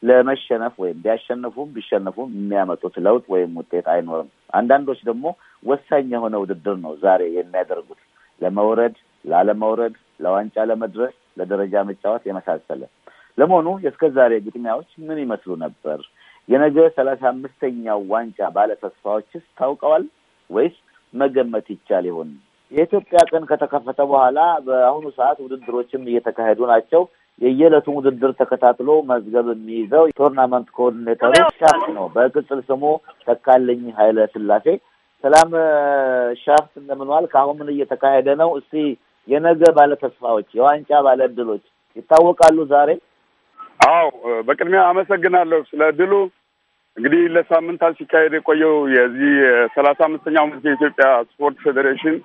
ለመሸነፍ ወይም ቢያሸንፉም ቢሸነፉም የሚያመጡት ለውጥ ወይም ውጤት አይኖርም። አንዳንዶች ደግሞ ወሳኝ የሆነ ውድድር ነው ዛሬ የሚያደርጉት ለመውረድ ላለመውረድ፣ ለዋንጫ ለመድረስ፣ ለደረጃ መጫወት የመሳሰለ ለመሆኑ የእስከ ዛሬ ግጥሚያዎች ምን ይመስሉ ነበር? የነገ ሰላሳ አምስተኛው ዋንጫ ባለተስፋዎችስ ታውቀዋል ወይስ መገመት ይቻል ይሆን? የኢትዮጵያ ቀን ከተከፈተ በኋላ በአሁኑ ሰዓት ውድድሮችም እየተካሄዱ ናቸው። የየዕለቱን ውድድር ተከታትሎ መዝገብ የሚይዘው ቶርናመንት ኮኦርዲኔተሩ ሻፍት ነው። በቅጽል ስሙ ተካልኝ ኃይለ ስላሴ። ሰላም ሻፍት፣ እንደምንዋል። ከአሁን ምን እየተካሄደ ነው? እስቲ የነገ ባለተስፋዎች የዋንጫ ባለእድሎች ይታወቃሉ ዛሬ። አዎ በቅድሚያ አመሰግናለሁ ስለ ድሉ። እንግዲህ ለሳምንታት ሲካሄድ የቆየው የዚህ የሰላሳ አምስተኛው ዓመት የኢትዮጵያ ስፖርት ፌዴሬሽን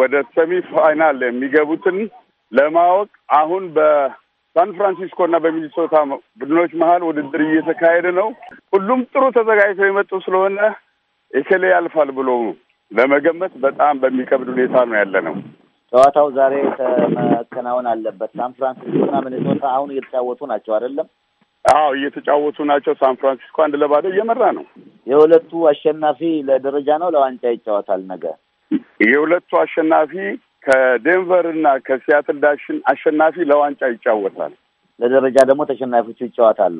ወደ ሰሚ ፋይናል የሚገቡትን ለማወቅ አሁን በሳን ፍራንሲስኮ እና በሚኒሶታ ቡድኖች መሀል ውድድር እየተካሄደ ነው። ሁሉም ጥሩ ተዘጋጅተው የመጡ ስለሆነ የከሌ ያልፋል ብሎ ለመገመት በጣም በሚከብድ ሁኔታ ነው ያለ ነው። ጨዋታው ዛሬ መከናወን አለበት። ሳን እና ሚኒሶታ አሁን እየተጫወቱ ናቸው አይደለም? አዎ እየተጫወቱ ናቸው። ሳን ፍራንሲስኮ አንድ ለባዶ እየመራ ነው። የሁለቱ አሸናፊ ለደረጃ ነው ለዋንጫ ይጫወታል ነገ። የሁለቱ አሸናፊ ከዴንቨር እና ከሲያትል ዳሽን አሸናፊ ለዋንጫ ይጫወታል። ለደረጃ ደግሞ ተሸናፊዎቹ ይጫወታሉ።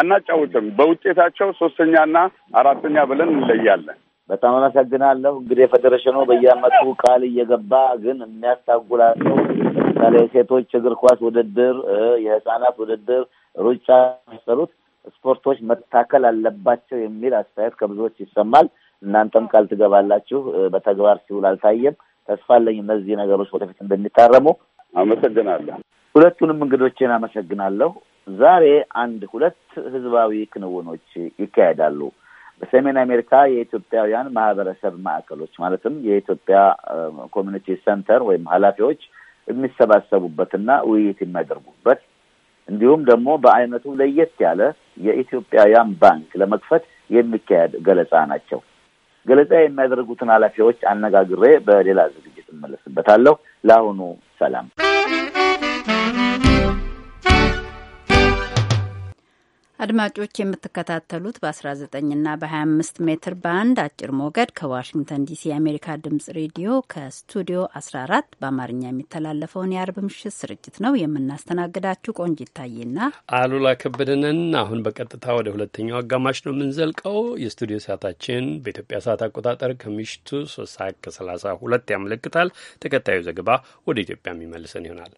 አናጫወትም። በውጤታቸው ሶስተኛና አራተኛ ብለን እንለያለን። በጣም አመሰግናለሁ። እንግዲህ የፌዴሬሽኑ በየአመቱ ቃል እየገባ ግን የሚያስታጉላቸው ለምሳሌ የሴቶች እግር ኳስ ውድድር፣ የህጻናት ውድድር፣ ሩጫ መሰሉት ስፖርቶች መታከል አለባቸው የሚል አስተያየት ከብዙዎች ይሰማል። እናንተም ቃል ትገባላችሁ፣ በተግባር ሲውል አልታየም። ተስፋ አለኝ እነዚህ ነገሮች ወደፊት እንደሚታረሙ። አመሰግናለሁ። ሁለቱንም እንግዶችን አመሰግናለሁ። ዛሬ አንድ ሁለት ህዝባዊ ክንውኖች ይካሄዳሉ። በሰሜን አሜሪካ የኢትዮጵያውያን ማህበረሰብ ማዕከሎች ማለትም የኢትዮጵያ ኮሚኒቲ ሰንተር ወይም ኃላፊዎች የሚሰባሰቡበትና ውይይት የሚያደርጉበት እንዲሁም ደግሞ በአይነቱ ለየት ያለ የኢትዮጵያውያን ባንክ ለመክፈት የሚካሄድ ገለጻ ናቸው። ገለጻ የሚያደርጉትን ኃላፊዎች አነጋግሬ በሌላ ዝግጅት እመለስበታለሁ። ለአሁኑ ሰላም። አድማጮች የምትከታተሉት በ19ና በ25 ሜትር ባንድ አጭር ሞገድ ከዋሽንግተን ዲሲ የአሜሪካ ድምጽ ሬዲዮ ከስቱዲዮ 14 በአማርኛ የሚተላለፈውን የአርብ ምሽት ስርጭት ነው። የምናስተናግዳችሁ ቆንጅ ይታይና አሉላ ከበደንን። አሁን በቀጥታ ወደ ሁለተኛው አጋማሽ ነው የምንዘልቀው። የስቱዲዮ ሰዓታችን በኢትዮጵያ ሰዓት አቆጣጠር ከምሽቱ 3 ሰዓት ከ32 ያመለክታል። ተከታዩ ዘገባ ወደ ኢትዮጵያ የሚመልሰን ይሆናል።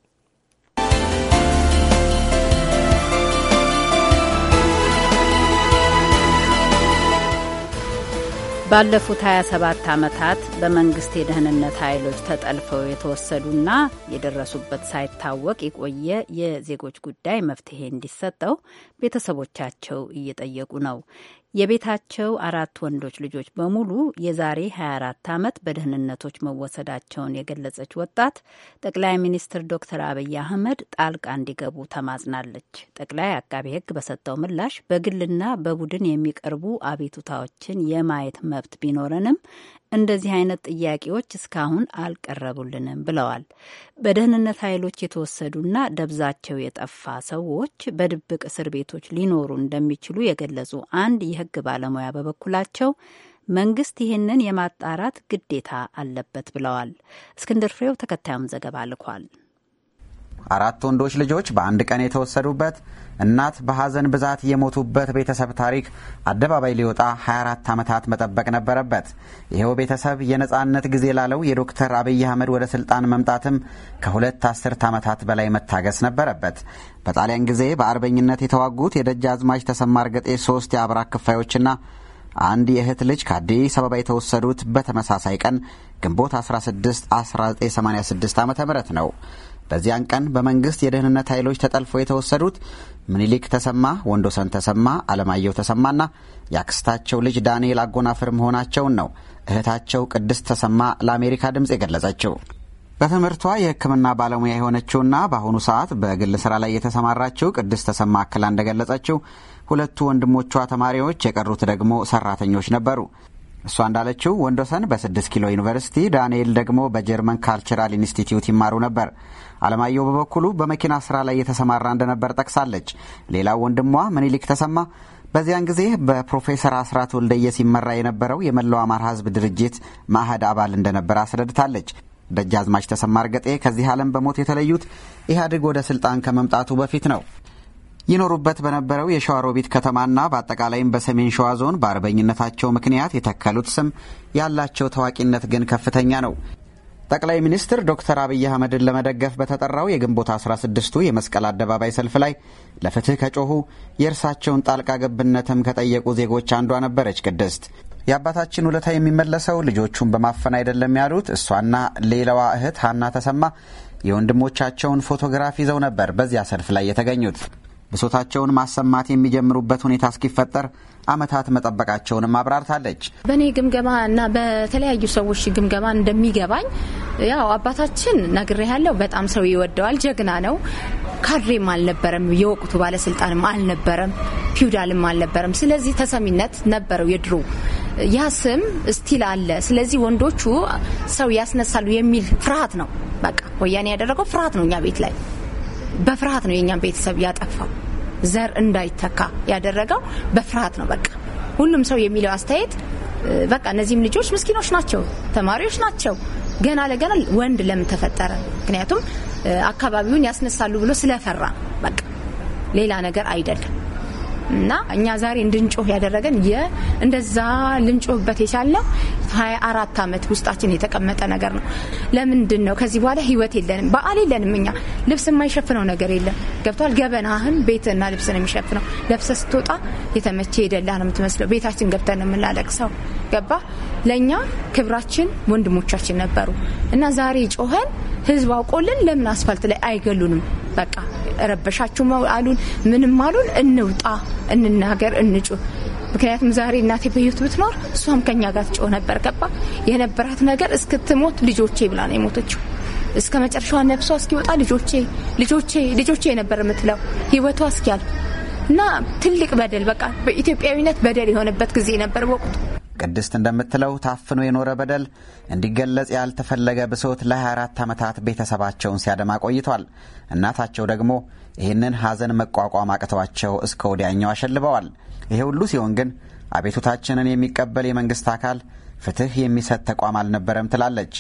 ባለፉት 27 ዓመታት በመንግስት የደህንነት ኃይሎች ተጠልፈው የተወሰዱና የደረሱበት ሳይታወቅ የቆየ የዜጎች ጉዳይ መፍትሄ እንዲሰጠው ቤተሰቦቻቸው እየጠየቁ ነው። የቤታቸው አራት ወንዶች ልጆች በሙሉ የዛሬ 24 ዓመት በደህንነቶች መወሰዳቸውን የገለጸች ወጣት ጠቅላይ ሚኒስትር ዶክተር አብይ አህመድ ጣልቃ እንዲገቡ ተማጽናለች። ጠቅላይ አቃቤ ሕግ በሰጠው ምላሽ በግልና በቡድን የሚቀርቡ አቤቱታዎችን የማየት መብት ቢኖረንም እንደዚህ አይነት ጥያቄዎች እስካሁን አልቀረቡልንም ብለዋል። በደህንነት ኃይሎች የተወሰዱና ደብዛቸው የጠፋ ሰዎች በድብቅ እስር ቤቶች ሊኖሩ እንደሚችሉ የገለጹ አንድ የሕግ ባለሙያ በበኩላቸው መንግስት ይህንን የማጣራት ግዴታ አለበት ብለዋል። እስክንድር ፍሬው ተከታዩን ዘገባ ልኳል። አራት ወንዶች ልጆች በአንድ ቀን የተወሰዱበት እናት በሐዘን ብዛት የሞቱበት ቤተሰብ ታሪክ አደባባይ ሊወጣ 24 ዓመታት መጠበቅ ነበረበት። ይኸው ቤተሰብ የነፃነት ጊዜ ላለው የዶክተር አብይ አህመድ ወደ ስልጣን መምጣትም ከሁለት አስርት ዓመታት በላይ መታገስ ነበረበት። በጣሊያን ጊዜ በአርበኝነት የተዋጉት የደጃዝማች ተሰማ እርገጤ ሶስት የአብራክ ክፋዮችና አንድ የእህት ልጅ ከአዲስ አበባ የተወሰዱት በተመሳሳይ ቀን ግንቦት 16 1986 ዓ ም ነው። በዚያን ቀን በመንግስት የደህንነት ኃይሎች ተጠልፎ የተወሰዱት ምኒሊክ ተሰማ፣ ወንዶሰን ተሰማ፣ አለማየሁ ተሰማና የአክስታቸው ልጅ ዳንኤል አጎናፍር መሆናቸውን ነው እህታቸው ቅድስት ተሰማ ለአሜሪካ ድምፅ የገለጸችው። በትምህርቷ የሕክምና ባለሙያ የሆነችውና በአሁኑ ሰዓት በግል ስራ ላይ የተሰማራችው ቅድስት ተሰማ አክላ እንደገለጸችው ሁለቱ ወንድሞቿ ተማሪዎች፣ የቀሩት ደግሞ ሰራተኞች ነበሩ። እሷ እንዳለችው ወንዶሰን በስድስት ኪሎ ዩኒቨርሲቲ፣ ዳንኤል ደግሞ በጀርመን ካልቸራል ኢንስቲትዩት ይማሩ ነበር። አለማየሁ በበኩሉ በመኪና ስራ ላይ የተሰማራ እንደነበር ጠቅሳለች። ሌላው ወንድሟ ምኒልክ ተሰማ በዚያን ጊዜ በፕሮፌሰር አስራት ወልደየ ሲመራ የነበረው የመላው አማራ ሕዝብ ድርጅት ማህድ አባል እንደነበር አስረድታለች። ደጃዝማች ተሰማ እርገጤ ከዚህ ዓለም በሞት የተለዩት ኢህአዴግ ወደ ስልጣን ከመምጣቱ በፊት ነው። ይኖሩበት በነበረው የሸዋሮቢት ከተማና በአጠቃላይም በሰሜን ሸዋ ዞን በአርበኝነታቸው ምክንያት የተከሉት ስም ያላቸው ታዋቂነት ግን ከፍተኛ ነው። ጠቅላይ ሚኒስትር ዶክተር አብይ አህመድን ለመደገፍ በተጠራው የግንቦት 16ቱ የመስቀል አደባባይ ሰልፍ ላይ ለፍትህ ከጮኹ የእርሳቸውን ጣልቃ ገብነትም ከጠየቁ ዜጎች አንዷ ነበረች ቅድስት። የአባታችን ውለታ የሚመለሰው ልጆቹን በማፈን አይደለም ያሉት እሷና ሌላዋ እህት ሀና ተሰማ የወንድሞቻቸውን ፎቶግራፍ ይዘው ነበር በዚያ ሰልፍ ላይ የተገኙት። ብሶታቸውን ማሰማት የሚጀምሩበት ሁኔታ እስኪፈጠር ዓመታት መጠበቃቸውንም አብራርታለች። በእኔ ግምገማ እና በተለያዩ ሰዎች ግምገማ እንደሚገባኝ ያው አባታችን ነግሬ ያለው በጣም ሰው ይወደዋል፣ ጀግና ነው። ካድሬም አልነበረም፣ የወቅቱ ባለስልጣንም አልነበረም፣ ፊውዳልም አልነበረም። ስለዚህ ተሰሚነት ነበረው የድሮ ያ ስም እስቲል አለ። ስለዚህ ወንዶቹ ሰው ያስነሳሉ የሚል ፍርሃት ነው። በቃ ወያኔ ያደረገው ፍርሃት ነው እኛ ቤት ላይ በፍርሃት ነው የእኛን ቤተሰብ ያጠፋው ዘር እንዳይተካ ያደረገው በፍርሃት ነው። በቃ ሁሉም ሰው የሚለው አስተያየት በቃ እነዚህም ልጆች ምስኪኖች ናቸው፣ ተማሪዎች ናቸው፣ ገና ለገና ወንድ ለምን ተፈጠረ? ምክንያቱም አካባቢውን ያስነሳሉ ብሎ ስለፈራ በቃ ሌላ ነገር አይደለም። እና እኛ ዛሬ እንድንጮህ ያደረገን እንደዛ ልንጮህበት የቻለው ሀያ አራት ዓመት ውስጣችን የተቀመጠ ነገር ነው። ለምንድን ነው ከዚህ በኋላ ህይወት የለንም፣ በዓል የለንም፣ እኛ ልብስ የማይሸፍነው ነገር የለም። ገብቷል። ገበናህን ቤትና ልብስ ነው የሚሸፍነው። ለብሰ ስትወጣ የተመቼ የደላህ ነው የምትመስለው። ቤታችን ገብተን የምናለቅሰው ገባ። ለእኛ ክብራችን ወንድሞቻችን ነበሩ እና ዛሬ ጮኸን ህዝብ አውቆልን ለምን አስፋልት ላይ አይገሉንም? በቃ ረበሻችሁ አሉን፣ ምንም አሉን። እንውጣ፣ እንናገር፣ እንጩ ምክንያቱም ዛሬ እናቴ በህይወት ብትኖር እሷም ከኛ ጋር ትጮህ ነበር። ገባ የነበራት ነገር እስክትሞት ልጆቼ ብላ ነው የሞተችው። እስከ መጨረሻዋ ነፍሷ እስኪወጣ ልጆቼ ልጆቼ ልጆቼ ነበር የምትለው ህይወቷ እስኪያል እና ትልቅ በደል በቃ በኢትዮጵያዊነት በደል የሆነበት ጊዜ ነበር ወቅቱ። ቅድስት እንደምትለው ታፍኖ የኖረ በደል እንዲገለጽ ያልተፈለገ ብሶት ለ24 ዓመታት ቤተሰባቸውን ሲያደማ ቆይቷል። እናታቸው ደግሞ ይህንን ሐዘን መቋቋም አቅተዋቸው እስከ ወዲያኛው አሸልበዋል። ይሄ ሁሉ ሲሆን ግን አቤቱታችንን የሚቀበል የመንግሥት አካል ፍትሕ የሚሰጥ ተቋም አልነበረም ትላለች።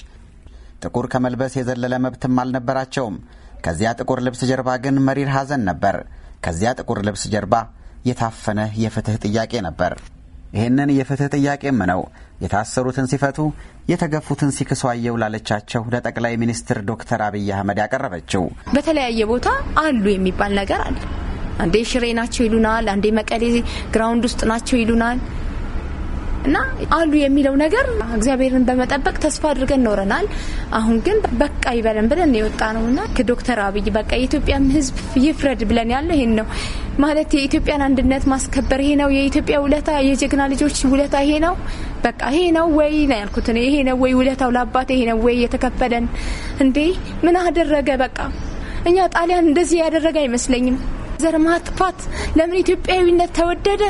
ጥቁር ከመልበስ የዘለለ መብትም አልነበራቸውም። ከዚያ ጥቁር ልብስ ጀርባ ግን መሪር ሐዘን ነበር። ከዚያ ጥቁር ልብስ ጀርባ የታፈነ የፍትህ ጥያቄ ነበር። ይህንን የፍትህ ጥያቄም ነው የታሰሩትን ሲፈቱ የተገፉትን ሲክሱ አየው ላለቻቸው ለጠቅላይ ሚኒስትር ዶክተር አብይ አህመድ ያቀረበችው። በተለያየ ቦታ አሉ የሚባል ነገር አለ። አንዴ ሽሬ ናቸው ይሉናል፣ አንዴ መቀሌ ግራውንድ ውስጥ ናቸው ይሉናል። እና አሉ የሚለው ነገር እግዚአብሔርን በመጠበቅ ተስፋ አድርገን ኖረናል። አሁን ግን በቃ ይበለን ብለን የወጣ ነው እና ከዶክተር አብይ በቃ የኢትዮጵያም ህዝብ ይፍረድ ብለን ያለ ይሄን ነው ማለት የኢትዮጵያን አንድነት ማስከበር ይሄ ነው የኢትዮጵያ ውለታ፣ የጀግና ልጆች ውለታ ይሄ ነው በቃ ይሄ ነው ወይ ነው ያልኩት። ይሄ ነው ወይ ውለታው ለአባት ይሄ ነው ወይ የተከፈለን? እንዴ ምን አደረገ? በቃ እኛ ጣሊያን እንደዚህ ያደረገ አይመስለኝም። ዘር ማጥፋት ለምን ኢትዮጵያዊነት ተወደደ?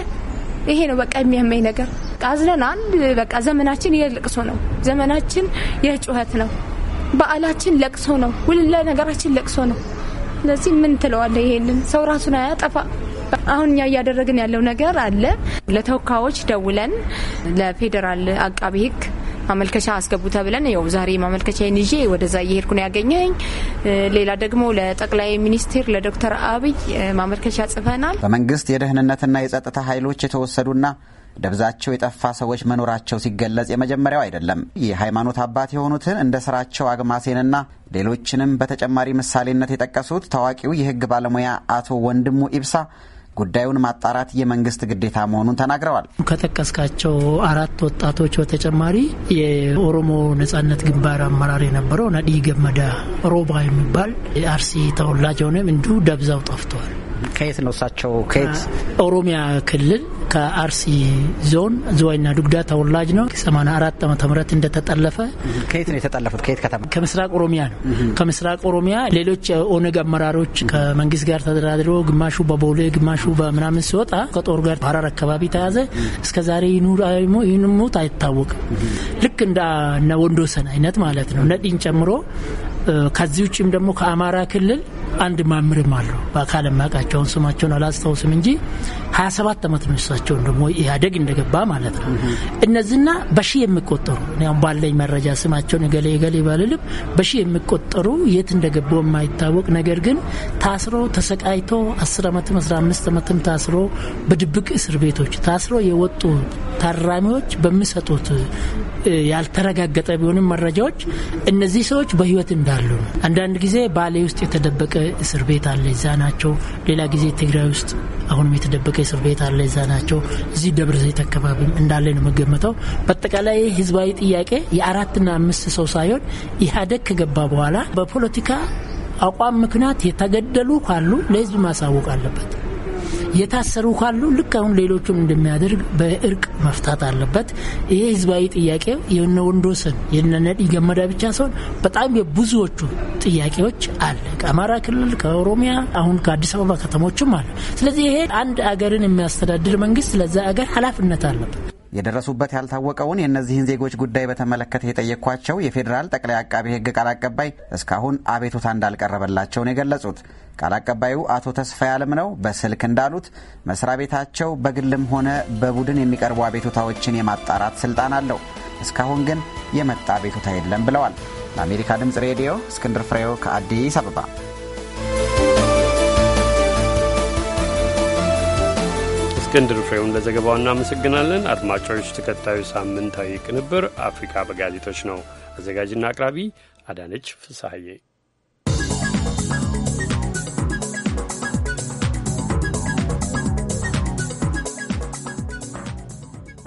ይሄ ነው በቃ የሚያመኝ ነገር። በቃ አዝነን አንድ በቃ ዘመናችን የልቅሶ ነው። ዘመናችን የጩኸት ነው። በዓላችን ለቅሶ ነው። ሁሉ ነገራችን ለቅሶ ነው። ስለዚህ ምን ትለዋለ? ይሄንን ሰው ራሱን አያጠፋ። አሁን እኛ እያደረግን ያለው ነገር አለ። ለተወካዮች ደውለን ለፌዴራል አቃቢ ሕግ ማመልከቻ አስገቡ ተብለን ያው ዛሬ ማመልከቻዬን ይዤ ወደዛ እየሄድኩ ነው ያገኘኝ። ሌላ ደግሞ ለጠቅላይ ሚኒስትር ለዶክተር አብይ ማመልከቻ ጽፈናል። በመንግስት የደህንነትና የጸጥታ ኃይሎች የተወሰዱና ደብዛቸው የጠፋ ሰዎች መኖራቸው ሲገለጽ የመጀመሪያው አይደለም። የሃይማኖት አባት የሆኑትን እንደ ስራቸው አግማሴንና ሌሎችንም በተጨማሪ ምሳሌነት የጠቀሱት ታዋቂው የህግ ባለሙያ አቶ ወንድሙ ኢብሳ ጉዳዩን ማጣራት የመንግስት ግዴታ መሆኑን ተናግረዋል። ከጠቀስካቸው አራት ወጣቶች በተጨማሪ የኦሮሞ ነጻነት ግንባር አመራር የነበረው ነዲ ገመዳ ሮባ የሚባል የአርሲ ተወላጅ ሆነም እንዲሁ ደብዛው ጠፍቷል። ከየት ነው እሳቸው? ከየት? ኦሮሚያ ክልል ከአርሲ ዞን ዝዋይና ዱጉዳ ተወላጅ ነው። 84 ዓመተ ምህረት እንደተጠለፈ። ከየት ነው የተጠለፉት? ከየት ከተማ? ከምስራቅ ኦሮሚያ ነው። ከምስራቅ ኦሮሚያ ሌሎች ኦነግ አመራሮች ከመንግስት ጋር ተደራድሮ ግማሹ በቦሌ ግማሹ በምናምን ሲወጣ ከጦር ጋር ሀረር አካባቢ ተያዘ። እስከ ዛሬ ይኑሙት አይታወቅም። ልክ እንደ ወንዶ ሰን አይነት ማለት ነው ነዲን ጨምሮ ከዚህ ውጭም ደግሞ ከአማራ ክልል አንድ ማምርም አሉ በአካል የማውቃቸውን ስማቸውን አላስታውስም እንጂ ሰባት ዓመት ነው እሳቸውን ደግሞ ኢህአዴግ እንደገባ ማለት ነው። እነዚህና በሺ የሚቆጠሩ ያም ባለኝ መረጃ ስማቸውን እገሌ እገሌ ባልልም በሺ የሚቆጠሩ የት እንደገቡ የማይታወቅ ነገር ግን ታስሮ ተሰቃይቶ 10 ዓመትም 15 ዓመትም ታስሮ በድብቅ እስር ቤቶች ታስሮ የወጡ ታራሚዎች በሚሰጡት ያልተረጋገጠ ቢሆንም መረጃዎች እነዚህ ሰዎች በህይወት እንዳሉ ነው። አንዳንድ ጊዜ ባሌ ውስጥ የተደበቀ እስር ቤት አለ፣ እዛ ናቸው። ሌላ ጊዜ ትግራይ ውስጥ አሁንም የተደበቀ እስር ቤት አለ፣ እዛ ናቸው። እዚህ ደብረ ዘይት አካባቢ እንዳለ ነው መገመተው። በአጠቃላይ ህዝባዊ ጥያቄ የአራትና አምስት ሰው ሳይሆን ኢህአዴግ ከገባ በኋላ በፖለቲካ አቋም ምክንያት የተገደሉ ካሉ ለህዝብ ማሳወቅ አለበት። የታሰሩ ካሉ ልክ አሁን ሌሎቹም እንደሚያደርግ በእርቅ መፍታት አለበት። ይሄ ህዝባዊ ጥያቄ የነ ወንዶሰን የነ ነዲ ገመዳ ብቻ ሳይሆን በጣም የብዙዎቹ ጥያቄዎች አለ ከአማራ ክልል ከኦሮሚያ አሁን ከአዲስ አበባ ከተሞችም አለ። ስለዚህ ይሄ አንድ አገርን የሚያስተዳድር መንግስት ለዛ አገር ኃላፊነት አለበት። የደረሱበት ያልታወቀውን የእነዚህን ዜጎች ጉዳይ በተመለከተ የጠየቅኳቸው የፌዴራል ጠቅላይ አቃቤ ሕግ ቃል አቀባይ እስካሁን አቤቱታ እንዳልቀረበላቸው ነው የገለጹት። ቃል አቀባዩ አቶ ተስፋ ያለም ነው በስልክ እንዳሉት መስሪያ ቤታቸው በግልም ሆነ በቡድን የሚቀርቡ አቤቱታዎችን የማጣራት ስልጣን አለው። እስካሁን ግን የመጣ አቤቱታ የለም ብለዋል። ለአሜሪካ ድምፅ ሬዲዮ እስክንድር ፍሬው ከአዲስ አበባ እስክንድር ፍሬውን ለዘገባው እናመሰግናለን። አድማጮች፣ ተከታዩ ሳምንታዊ ቅንብር አፍሪካ በጋዜጦች ነው። አዘጋጅና አቅራቢ አዳነች ፍስሐዬ።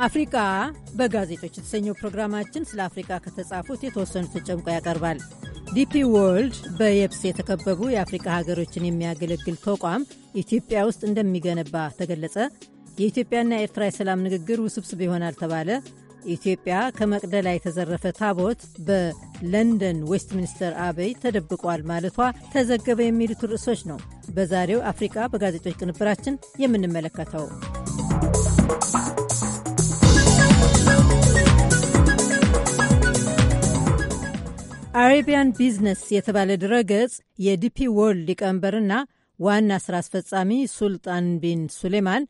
አፍሪካ በጋዜጦች የተሰኘው ፕሮግራማችን ስለ አፍሪካ ከተጻፉት የተወሰኑትን ጨምቆ ያቀርባል። ዲፒ ወርልድ በየብስ የተከበቡ የአፍሪካ ሀገሮችን የሚያገለግል ተቋም ኢትዮጵያ ውስጥ እንደሚገነባ ተገለጸ። የኢትዮጵያና ኤርትራ የሰላም ንግግር ውስብስብ ይሆናል ተባለ፣ ኢትዮጵያ ከመቅደላ የተዘረፈ ታቦት በለንደን ዌስት ሚኒስተር አበይ ተደብቋል ማለቷ ተዘገበ፣ የሚሉት ርዕሶች ነው በዛሬው አፍሪቃ በጋዜጦች ቅንብራችን የምንመለከተው። አሬቢያን ቢዝነስ የተባለ ድረገጽ የዲፒ ወርልድ ሊቀመንበርና ዋና ሥራ አስፈጻሚ ሱልጣን ቢን ሱሌማን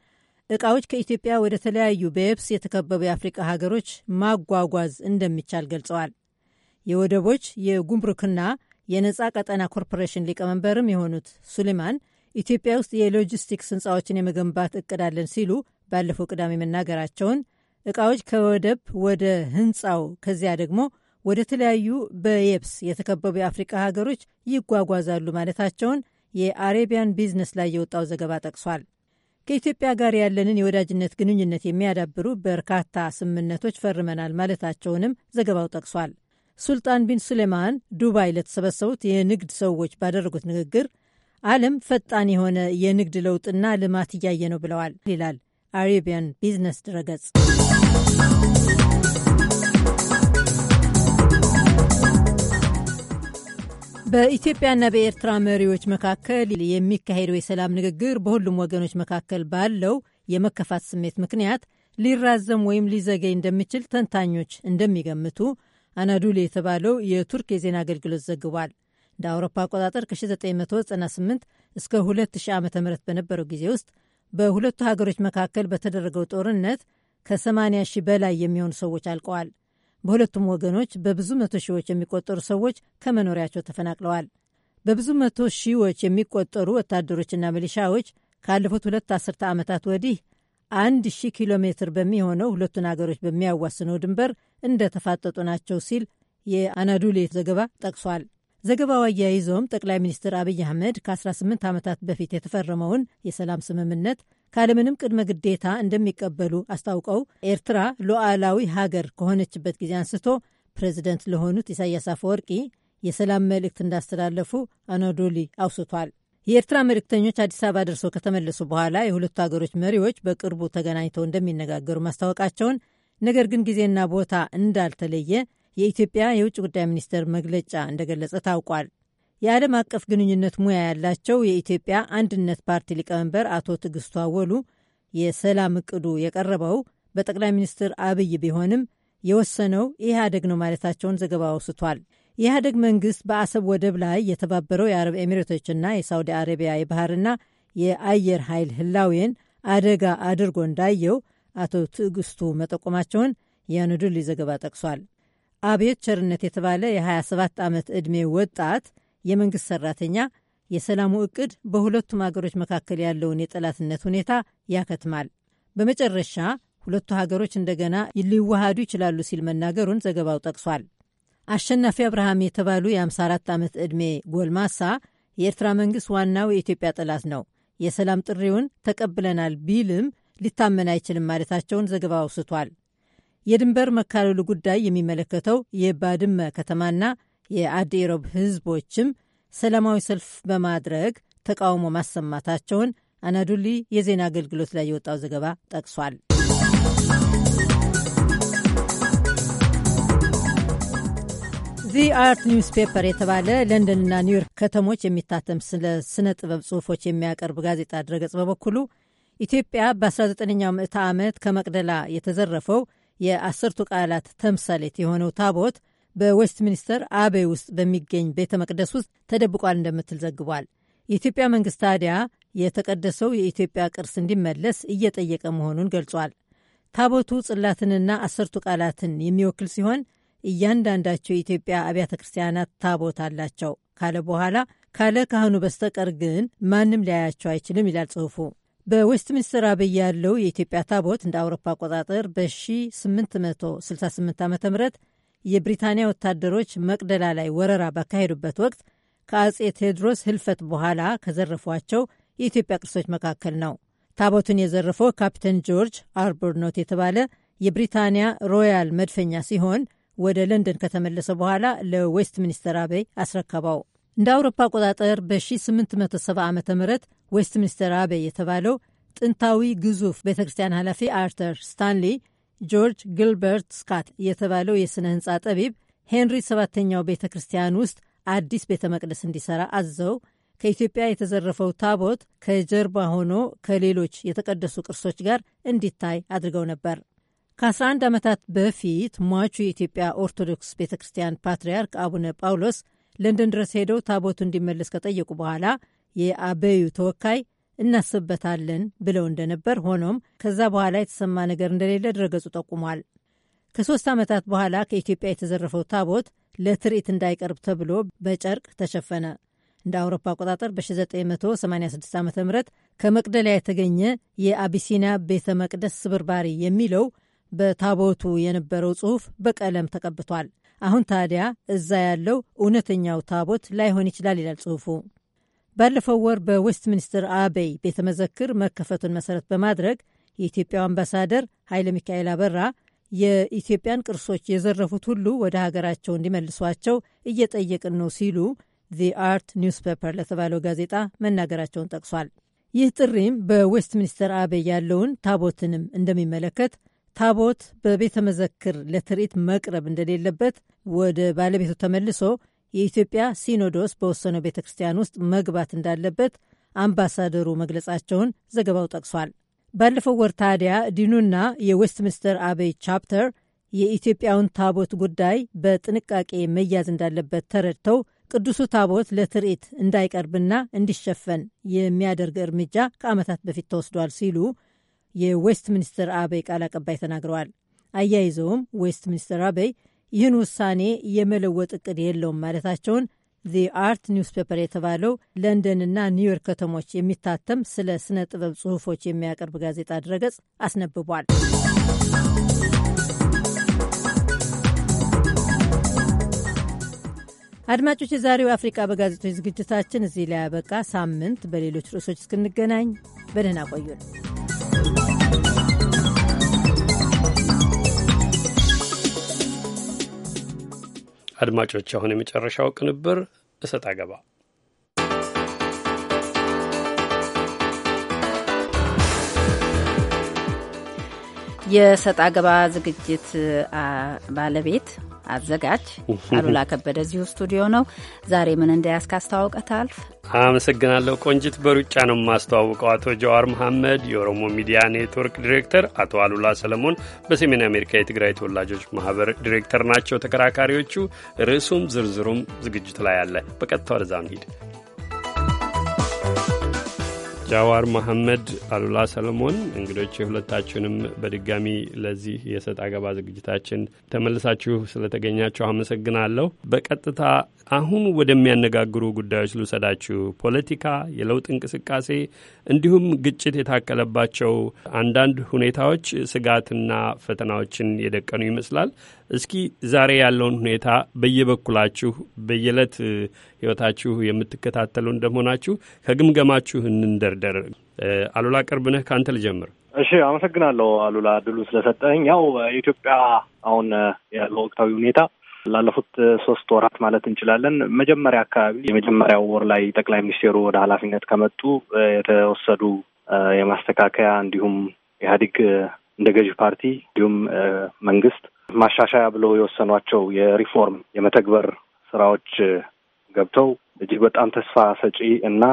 እቃዎች ከኢትዮጵያ ወደ ተለያዩ በየብስ የተከበቡ የአፍሪቃ ሀገሮች ማጓጓዝ እንደሚቻል ገልጸዋል። የወደቦች የጉምሩክና የነፃ ቀጠና ኮርፖሬሽን ሊቀመንበርም የሆኑት ሱሌማን ኢትዮጵያ ውስጥ የሎጂስቲክስ ህንፃዎችን የመገንባት እቅድ አለን ሲሉ ባለፈው ቅዳሜ መናገራቸውን እቃዎች ከወደብ ወደ ህንፃው ከዚያ ደግሞ ወደ ተለያዩ በየብስ የተከበቡ የአፍሪቃ ሀገሮች ይጓጓዛሉ ማለታቸውን የአሬቢያን ቢዝነስ ላይ የወጣው ዘገባ ጠቅሷል። ከኢትዮጵያ ጋር ያለንን የወዳጅነት ግንኙነት የሚያዳብሩ በርካታ ስምምነቶች ፈርመናል ማለታቸውንም ዘገባው ጠቅሷል። ሱልጣን ቢን ሱሌማን ዱባይ ለተሰበሰቡት የንግድ ሰዎች ባደረጉት ንግግር ዓለም ፈጣን የሆነ የንግድ ለውጥና ልማት እያየ ነው ብለዋል ይላል አሬቢያን ቢዝነስ ድረገጽ። በኢትዮጵያና በኤርትራ መሪዎች መካከል የሚካሄደው የሰላም ንግግር በሁሉም ወገኖች መካከል ባለው የመከፋት ስሜት ምክንያት ሊራዘም ወይም ሊዘገይ እንደሚችል ተንታኞች እንደሚገምቱ አናዱል የተባለው የቱርክ የዜና አገልግሎት ዘግቧል። እንደ አውሮፓ አቆጣጠር ከ1998 እስከ 2000 ዓ ም በነበረው ጊዜ ውስጥ በሁለቱ ሀገሮች መካከል በተደረገው ጦርነት ከ80 ሺህ በላይ የሚሆኑ ሰዎች አልቀዋል። በሁለቱም ወገኖች በብዙ መቶ ሺዎች የሚቆጠሩ ሰዎች ከመኖሪያቸው ተፈናቅለዋል። በብዙ መቶ ሺዎች የሚቆጠሩ ወታደሮችና ሚሊሻዎች ካለፉት ሁለት አስርተ ዓመታት ወዲህ አንድ ሺህ ኪሎ ሜትር በሚሆነው ሁለቱን አገሮች በሚያዋስነው ድንበር እንደተፋጠጡ ናቸው ሲል የአናዱሌ ዘገባ ጠቅሷል። ዘገባው አያይዞም ጠቅላይ ሚኒስትር አብይ አህመድ ከ18 ዓመታት በፊት የተፈረመውን የሰላም ስምምነት ካለምንም ቅድመ ግዴታ እንደሚቀበሉ አስታውቀው ኤርትራ ሉዓላዊ ሀገር ከሆነችበት ጊዜ አንስቶ ፕሬዚደንት ለሆኑት ኢሳያስ አፈወርቂ የሰላም መልእክት እንዳስተላለፉ አናዶሊ አውስቷል። የኤርትራ መልእክተኞች አዲስ አበባ ደርሰው ከተመለሱ በኋላ የሁለቱ ሀገሮች መሪዎች በቅርቡ ተገናኝተው እንደሚነጋገሩ ማስታወቃቸውን ነገር ግን ጊዜና ቦታ እንዳልተለየ የኢትዮጵያ የውጭ ጉዳይ ሚኒስቴር መግለጫ እንደገለጸ ታውቋል። የዓለም አቀፍ ግንኙነት ሙያ ያላቸው የኢትዮጵያ አንድነት ፓርቲ ሊቀመንበር አቶ ትዕግስቱ አወሉ የሰላም እቅዱ የቀረበው በጠቅላይ ሚኒስትር አብይ ቢሆንም የወሰነው ኢህአደግ ነው ማለታቸውን ዘገባ አውስቷል። የኢህአዴግ መንግስት በአሰብ ወደብ ላይ የተባበረው የአረብ ኤሚሬቶችና የሳውዲ አረቢያ የባህርና የአየር ኃይል ህላዌን አደጋ አድርጎ እንዳየው አቶ ትዕግስቱ መጠቆማቸውን ያንዱሊ ዘገባ ጠቅሷል። አብዮት ቸርነት የተባለ የ27 ዓመት ዕድሜ ወጣት የመንግሥት ሠራተኛ የሰላሙ ዕቅድ በሁለቱም አገሮች መካከል ያለውን የጠላትነት ሁኔታ ያከትማል፣ በመጨረሻ ሁለቱ ሀገሮች እንደገና ሊዋሃዱ ይችላሉ ሲል መናገሩን ዘገባው ጠቅሷል። አሸናፊ አብርሃም የተባሉ የ54 ዓመት ዕድሜ ጎልማሳ የኤርትራ መንግሥት ዋናው የኢትዮጵያ ጠላት ነው፣ የሰላም ጥሪውን ተቀብለናል ቢልም ሊታመን አይችልም ማለታቸውን ዘገባው አውስቷል። የድንበር መካለሉ ጉዳይ የሚመለከተው የባድመ ከተማና የአዲ ህዝቦችም ሰላማዊ ሰልፍ በማድረግ ተቃውሞ ማሰማታቸውን አናዱሊ የዜና አገልግሎት ላይ የወጣው ዘገባ ጠቅሷል። ዚ አርት ኒውስ ፔፐር የተባለ ለንደንና ኒውዮርክ ከተሞች የሚታተም ስለ ስነ ጥበብ ጽሁፎች የሚያቀርብ ጋዜጣ ድረገጽ በበኩሉ ኢትዮጵያ በ19ኛው ምዕተ ዓመት ከመቅደላ የተዘረፈው የአስርቱ ቃላት ተምሳሌት የሆነው ታቦት በዌስትሚኒስተር አቤይ ውስጥ በሚገኝ ቤተ መቅደስ ውስጥ ተደብቋል እንደምትል ዘግቧል። የኢትዮጵያ መንግስት ታዲያ የተቀደሰው የኢትዮጵያ ቅርስ እንዲመለስ እየጠየቀ መሆኑን ገልጿል። ታቦቱ ጽላትንና አስርቱ ቃላትን የሚወክል ሲሆን እያንዳንዳቸው የኢትዮጵያ አብያተ ክርስቲያናት ታቦት አላቸው ካለ በኋላ ካለ ካህኑ በስተቀር ግን ማንም ሊያያቸው አይችልም ይላል ጽሑፉ። በዌስትሚንስተር አብይ ያለው የኢትዮጵያ ታቦት እንደ አውሮፓ አቆጣጠር በ1868 ዓ ም የብሪታንያ ወታደሮች መቅደላ ላይ ወረራ ባካሄዱበት ወቅት ከአጼ ቴዎድሮስ ህልፈት በኋላ ከዘረፏቸው የኢትዮጵያ ቅርሶች መካከል ነው። ታቦቱን የዘረፈው ካፕተን ጆርጅ አርቦርኖት የተባለ የብሪታንያ ሮያል መድፈኛ ሲሆን ወደ ለንደን ከተመለሰ በኋላ ለዌስትሚኒስተር አበይ አስረከበው። እንደ አውሮፓ አቆጣጠር በ1870 ዓ ም ዌስትሚኒስተር አበይ የተባለው ጥንታዊ ግዙፍ ቤተ ክርስቲያን ኃላፊ አርተር ስታንሊ ጆርጅ ግልበርት ስካት የተባለው የሥነ ሕንፃ ጠቢብ ሄንሪ ሰባተኛው ቤተ ክርስቲያን ውስጥ አዲስ ቤተ መቅደስ እንዲሠራ አዘው ከኢትዮጵያ የተዘረፈው ታቦት ከጀርባ ሆኖ ከሌሎች የተቀደሱ ቅርሶች ጋር እንዲታይ አድርገው ነበር። ከ11 ዓመታት በፊት ሟቹ የኢትዮጵያ ኦርቶዶክስ ቤተ ክርስቲያን ፓትርያርክ አቡነ ጳውሎስ ለንደን ድረስ ሄደው ታቦቱ እንዲመለስ ከጠየቁ በኋላ የአበዩ ተወካይ እናስብበታለን ብለው እንደነበር፣ ሆኖም ከዛ በኋላ የተሰማ ነገር እንደሌለ ድረገጹ ጠቁሟል። ከሶስት ዓመታት በኋላ ከኢትዮጵያ የተዘረፈው ታቦት ለትርኢት እንዳይቀርብ ተብሎ በጨርቅ ተሸፈነ። እንደ አውሮፓ አቆጣጠር በ1986 ዓ ም ከመቅደላ የተገኘ የአቢሲና ቤተ መቅደስ ስብርባሪ የሚለው በታቦቱ የነበረው ጽሑፍ በቀለም ተቀብቷል። አሁን ታዲያ እዛ ያለው እውነተኛው ታቦት ላይሆን ይችላል ይላል ጽሑፉ። ባለፈው ወር በዌስትሚኒስትር አበይ ቤተ መዘክር መከፈቱን መሰረት በማድረግ የኢትዮጵያው አምባሳደር ኃይለ ሚካኤል አበራ የኢትዮጵያን ቅርሶች የዘረፉት ሁሉ ወደ ሀገራቸው እንዲመልሷቸው እየጠየቅን ነው ሲሉ ዚ አርት ኒውስፔፐር ለተባለው ጋዜጣ መናገራቸውን ጠቅሷል። ይህ ጥሪም በዌስትሚኒስተር አበይ ያለውን ታቦትንም እንደሚመለከት ታቦት በቤተ መዘክር ለትርኢት መቅረብ እንደሌለበት ወደ ባለቤቱ ተመልሶ የኢትዮጵያ ሲኖዶስ በወሰነው ቤተ ክርስቲያን ውስጥ መግባት እንዳለበት አምባሳደሩ መግለጻቸውን ዘገባው ጠቅሷል። ባለፈው ወር ታዲያ ዲኑና የዌስትሚኒስተር አበይ ቻፕተር የኢትዮጵያውን ታቦት ጉዳይ በጥንቃቄ መያዝ እንዳለበት ተረድተው ቅዱሱ ታቦት ለትርኢት እንዳይቀርብና እንዲሸፈን የሚያደርግ እርምጃ ከዓመታት በፊት ተወስዷል ሲሉ የዌስት ሚኒስትር አበይ ቃል አቀባይ ተናግረዋል። አያይዘውም ዌስት ሚኒስትር አበይ ይህን ውሳኔ የመለወጥ እቅድ የለውም ማለታቸውን ዚ አርት ኒውስ ፔፐር የተባለው ለንደንና ኒውዮርክ ከተሞች የሚታተም ስለ ስነ ጥበብ ጽሁፎች የሚያቀርብ ጋዜጣ ድረገጽ አስነብቧል። አድማጮች፣ የዛሬው አፍሪቃ በጋዜጦች ዝግጅታችን እዚህ ላይ ያበቃ። ሳምንት በሌሎች ርዕሶች እስክንገናኝ በደህና ቆዩን። አድማጮች፣ አሁን የመጨረሻው ቅንብር እሰጥ አገባ የሰጥ አገባ ዝግጅት ባለቤት አዘጋጅ አሉላ ከበደ እዚሁ ስቱዲዮ ነው። ዛሬ ምን እንዳያስክ አስተዋውቀ ታልፍ። አመሰግናለሁ ቆንጂት። በሩጫ ነው የማስተዋውቀው አቶ ጀዋር መሐመድ የኦሮሞ ሚዲያ ኔትወርክ ዲሬክተር፣ አቶ አሉላ ሰለሞን በሰሜን አሜሪካ የትግራይ ተወላጆች ማህበር ዲሬክተር ናቸው ተከራካሪዎቹ። ርዕሱም ዝርዝሩም ዝግጅት ላይ አለ። በቀጥታ ወደዛ እንሂድ። ጃዋር መሐመድ፣ አሉላ ሰለሞን እንግዶች የሁለታችሁንም በድጋሚ ለዚህ የሰጥ አገባ ዝግጅታችን ተመልሳችሁ ስለተገኛችሁ አመሰግናለሁ። በቀጥታ አሁን ወደሚያነጋግሩ ጉዳዮች ልውሰዳችሁ። ፖለቲካ፣ የለውጥ እንቅስቃሴ እንዲሁም ግጭት የታከለባቸው አንዳንድ ሁኔታዎች ስጋትና ፈተናዎችን የደቀኑ ይመስላል። እስኪ ዛሬ ያለውን ሁኔታ በየበኩላችሁ በየዕለት ህይወታችሁ የምትከታተሉ እንደመሆናችሁ ከግምገማችሁ እንንደርደር። አሉላ ቅርብነህ ከአንተ ልጀምር። እሺ፣ አመሰግናለሁ አሉላ ድሉ ስለሰጠኝ። ያው የኢትዮጵያ አሁን ያለው ወቅታዊ ሁኔታ ላለፉት ሶስት ወራት ማለት እንችላለን መጀመሪያ አካባቢ የመጀመሪያው ወር ላይ ጠቅላይ ሚኒስቴሩ ወደ ኃላፊነት ከመጡ የተወሰዱ የማስተካከያ እንዲሁም ኢህአዴግ እንደ ገዢ ፓርቲ እንዲሁም መንግስት ማሻሻያ ብለው የወሰኗቸው የሪፎርም የመተግበር ስራዎች ገብተው እጅግ በጣም ተስፋ ሰጪ እና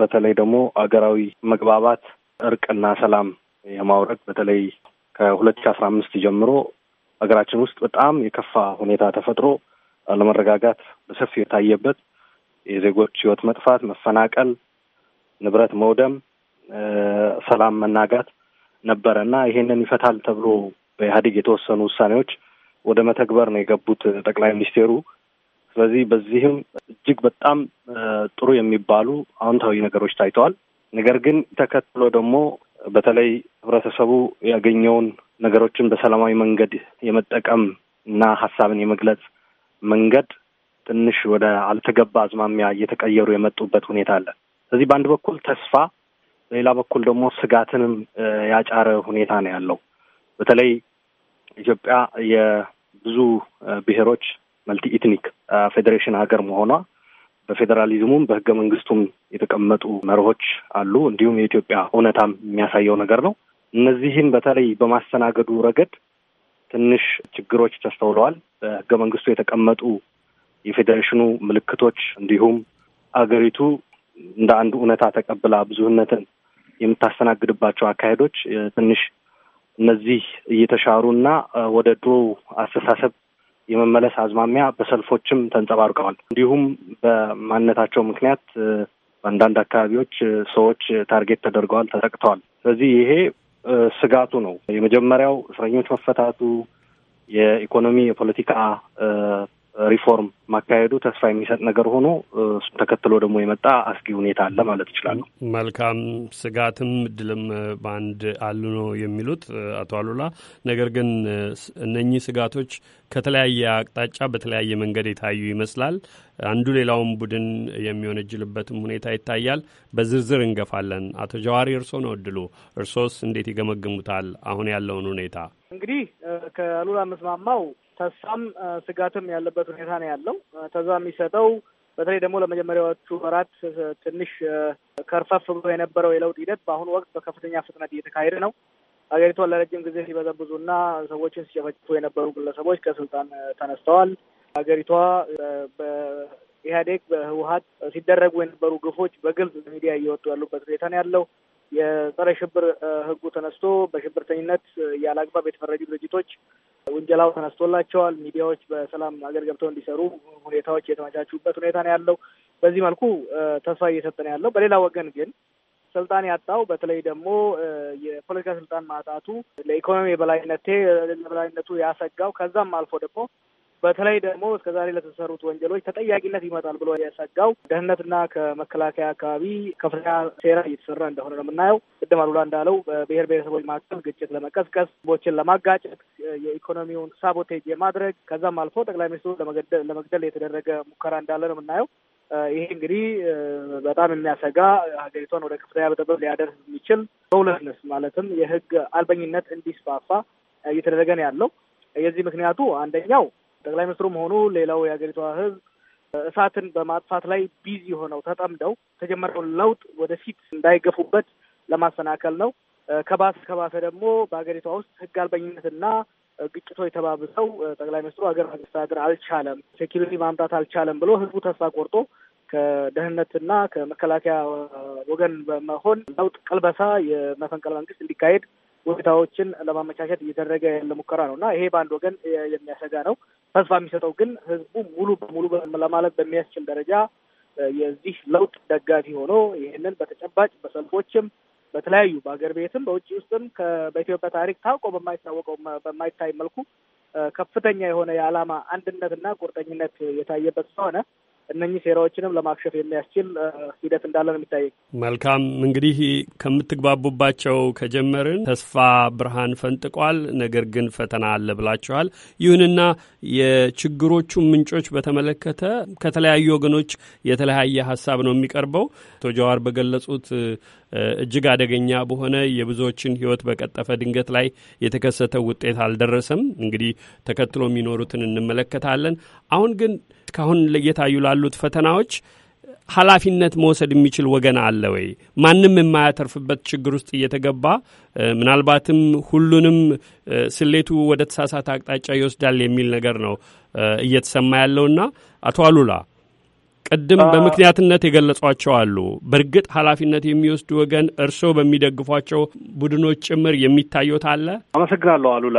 በተለይ ደግሞ አገራዊ መግባባት እርቅና ሰላም የማውረድ በተለይ ከሁለት ሺ አስራ አምስት ጀምሮ ሀገራችን ውስጥ በጣም የከፋ ሁኔታ ተፈጥሮ አለመረጋጋት በሰፊው የታየበት የዜጎች ህይወት መጥፋት፣ መፈናቀል፣ ንብረት መውደም፣ ሰላም መናጋት ነበረ እና ይሄንን ይፈታል ተብሎ በኢህአዴግ የተወሰኑ ውሳኔዎች ወደ መተግበር ነው የገቡት ጠቅላይ ሚኒስቴሩ። ስለዚህ በዚህም እጅግ በጣም ጥሩ የሚባሉ አዎንታዊ ነገሮች ታይተዋል። ነገር ግን ተከትሎ ደግሞ በተለይ ህብረተሰቡ ያገኘውን ነገሮችን በሰላማዊ መንገድ የመጠቀም እና ሀሳብን የመግለጽ መንገድ ትንሽ ወደ አልተገባ አዝማሚያ እየተቀየሩ የመጡበት ሁኔታ አለ። ስለዚህ በአንድ በኩል ተስፋ፣ በሌላ በኩል ደግሞ ስጋትንም ያጫረ ሁኔታ ነው ያለው። በተለይ ኢትዮጵያ የብዙ ብሔሮች መልቲ ኢትኒክ ፌዴሬሽን ሀገር መሆኗ በፌዴራሊዝሙም በህገ መንግስቱም የተቀመጡ መርሆች አሉ። እንዲሁም የኢትዮጵያ እውነታም የሚያሳየው ነገር ነው። እነዚህን በተለይ በማስተናገዱ ረገድ ትንሽ ችግሮች ተስተውለዋል። በህገ መንግስቱ የተቀመጡ የፌዴሬሽኑ ምልክቶች እንዲሁም አገሪቱ እንደ አንድ እውነታ ተቀብላ ብዙህነትን የምታስተናግድባቸው አካሄዶች ትንሽ እነዚህ እየተሻሩና ወደ ድሮ አስተሳሰብ የመመለስ አዝማሚያ በሰልፎችም ተንጸባርቀዋል። እንዲሁም በማንነታቸው ምክንያት በአንዳንድ አካባቢዎች ሰዎች ታርጌት ተደርገዋል፣ ተጠቅተዋል። ስለዚህ ይሄ ስጋቱ ነው። የመጀመሪያው እስረኞች መፈታቱ፣ የኢኮኖሚ የፖለቲካ ሪፎርም ማካሄዱ ተስፋ የሚሰጥ ነገር ሆኖ እሱን ተከትሎ ደግሞ የመጣ አስጊ ሁኔታ አለ ማለት ይችላሉ። መልካም ስጋትም እድልም በአንድ አሉ ነው የሚሉት አቶ አሉላ። ነገር ግን እነኚህ ስጋቶች ከተለያየ አቅጣጫ በተለያየ መንገድ የታዩ ይመስላል። አንዱ ሌላውን ቡድን የሚወነጅልበትም ሁኔታ ይታያል። በዝርዝር እንገፋለን። አቶ ጀዋሪ እርሶ ነው እድሉ። እርሶስ እንዴት ይገመግሙታል አሁን ያለውን ሁኔታ? እንግዲህ ከሉላ የምስማማው ተስፋም ስጋትም ያለበት ሁኔታ ነው ያለው። ተዛ የሚሰጠው በተለይ ደግሞ ለመጀመሪያዎቹ ወራት ትንሽ ከርፈፍ ብሎ የነበረው የለውጥ ሂደት በአሁኑ ወቅት በከፍተኛ ፍጥነት እየተካሄደ ነው። ሀገሪቷን ለረጅም ጊዜ እና ሰዎችን ሲጨፈጭፉ የነበሩ ግለሰቦች ከስልጣን ተነስተዋል። ሀገሪቷ በኢህአዴግ በህወሀት ሲደረጉ የነበሩ ግፎች በግልጽ ሚዲያ እየወጡ ያሉበት ሁኔታ ነው ያለው። የጸረ ሽብር ህጉ ተነስቶ በሽብርተኝነት ያለ አግባብ የተፈረጁ ድርጅቶች ውንጀላው ተነስቶላቸዋል። ሚዲያዎች በሰላም አገር ገብተው እንዲሰሩ ሁኔታዎች የተመቻቹበት ሁኔታ ነው ያለው። በዚህ መልኩ ተስፋ እየሰጠ ነው ያለው። በሌላ ወገን ግን ስልጣን ያጣው በተለይ ደግሞ የፖለቲካ ስልጣን ማጣቱ ለኢኮኖሚ የበላይነቴ ለበላይነቱ ያሰጋው ከዛም አልፎ ደግሞ በተለይ ደግሞ ዛሬ ለተሰሩት ወንጀሎች ተጠያቂነት ይመጣል ብሎ የሰጋው ደህንነትና ከመከላከያ አካባቢ ከፍተኛ ሴራ እየተሰራ እንደሆነ ነው የምናየው። ቅድም አሉላ እንዳለው በብሔር ብሔረሰቦች መካከል ግጭት ለመቀስቀስ፣ ቦችን ለማጋጨት፣ የኢኮኖሚውን ሳቦቴጅ የማድረግ ከዛም አልፎ ጠቅላይ ሚኒስትሩ ለመግደል የተደረገ ሙከራ እንዳለ ነው የምናየው። ይሄ እንግዲህ በጣም የሚያሰጋ ሀገሪቷን ወደ ከፍተኛ ብጥብጥ ሊያደርስ የሚችል ሮለስነስ ማለትም የህግ አልበኝነት እንዲስፋፋ እየተደረገ ነው ያለው። የዚህ ምክንያቱ አንደኛው ጠቅላይ ሚኒስትሩም ሆኑ ሌላው የሀገሪቷ ህዝብ እሳትን በማጥፋት ላይ ቢዚ ሆነው ተጠምደው ተጀመረው ለውጥ ወደፊት እንዳይገፉበት ለማሰናከል ነው። ከባሰ ከባሰ ደግሞ በሀገሪቷ ውስጥ ህግ አልበኝነትና ግጭቶ የተባብሰው ጠቅላይ ሚኒስትሩ ሀገር ማስተዳደር አልቻለም፣ ሴኪሪቲ ማምጣት አልቻለም ብሎ ህዝቡ ተስፋ ቆርጦ ከደህንነትና ከመከላከያ ወገን በመሆን ለውጥ ቀልበሳ የመፈንቅለ መንግስት እንዲካሄድ ሁኔታዎችን ለማመቻቸት እየተደረገ ያለ ሙከራ ነው እና ይሄ በአንድ ወገን የሚያሰጋ ነው። ተስፋ የሚሰጠው ግን ህዝቡ ሙሉ በሙሉ ለማለት በሚያስችል ደረጃ የዚህ ለውጥ ደጋፊ ሆኖ ይህንን በተጨባጭ በሰልፎችም በተለያዩ በሀገር ቤትም በውጭ ውስጥም በኢትዮጵያ ታሪክ ታውቆ በማይታወቀው በማይታይ መልኩ ከፍተኛ የሆነ የዓላማ አንድነትና ቁርጠኝነት የታየበት ስለሆነ እነኚህ ሴራዎችንም ለማክሸፍ የሚያስችል ሂደት እንዳለ ነው የሚታየኝ። መልካም እንግዲህ ከምትግባቡባቸው ከጀመርን ተስፋ ብርሃን ፈንጥቋል። ነገር ግን ፈተና አለ ብላችኋል። ይሁንና የችግሮቹ ምንጮች በተመለከተ ከተለያዩ ወገኖች የተለያየ ሀሳብ ነው የሚቀርበው። አቶ ጀዋር በገለጹት እጅግ አደገኛ በሆነ የብዙዎችን ሕይወት በቀጠፈ ድንገት ላይ የተከሰተው ውጤት አልደረሰም። እንግዲህ ተከትሎ የሚኖሩትን እንመለከታለን። አሁን ግን እስካሁን ለየታዩ ላሉት ፈተናዎች ኃላፊነት መውሰድ የሚችል ወገን አለ ወይ? ማንም የማያተርፍበት ችግር ውስጥ እየተገባ ምናልባትም ሁሉንም ስሌቱ ወደ ተሳሳተ አቅጣጫ ይወስዳል የሚል ነገር ነው እየተሰማ ያለውና አቶ አሉላ ቅድም በምክንያትነት የገለጿቸው አሉ። በእርግጥ ኃላፊነት የሚወስድ ወገን እርስዎ በሚደግፏቸው ቡድኖች ጭምር የሚታዩት አለ? አመሰግናለሁ አሉላ።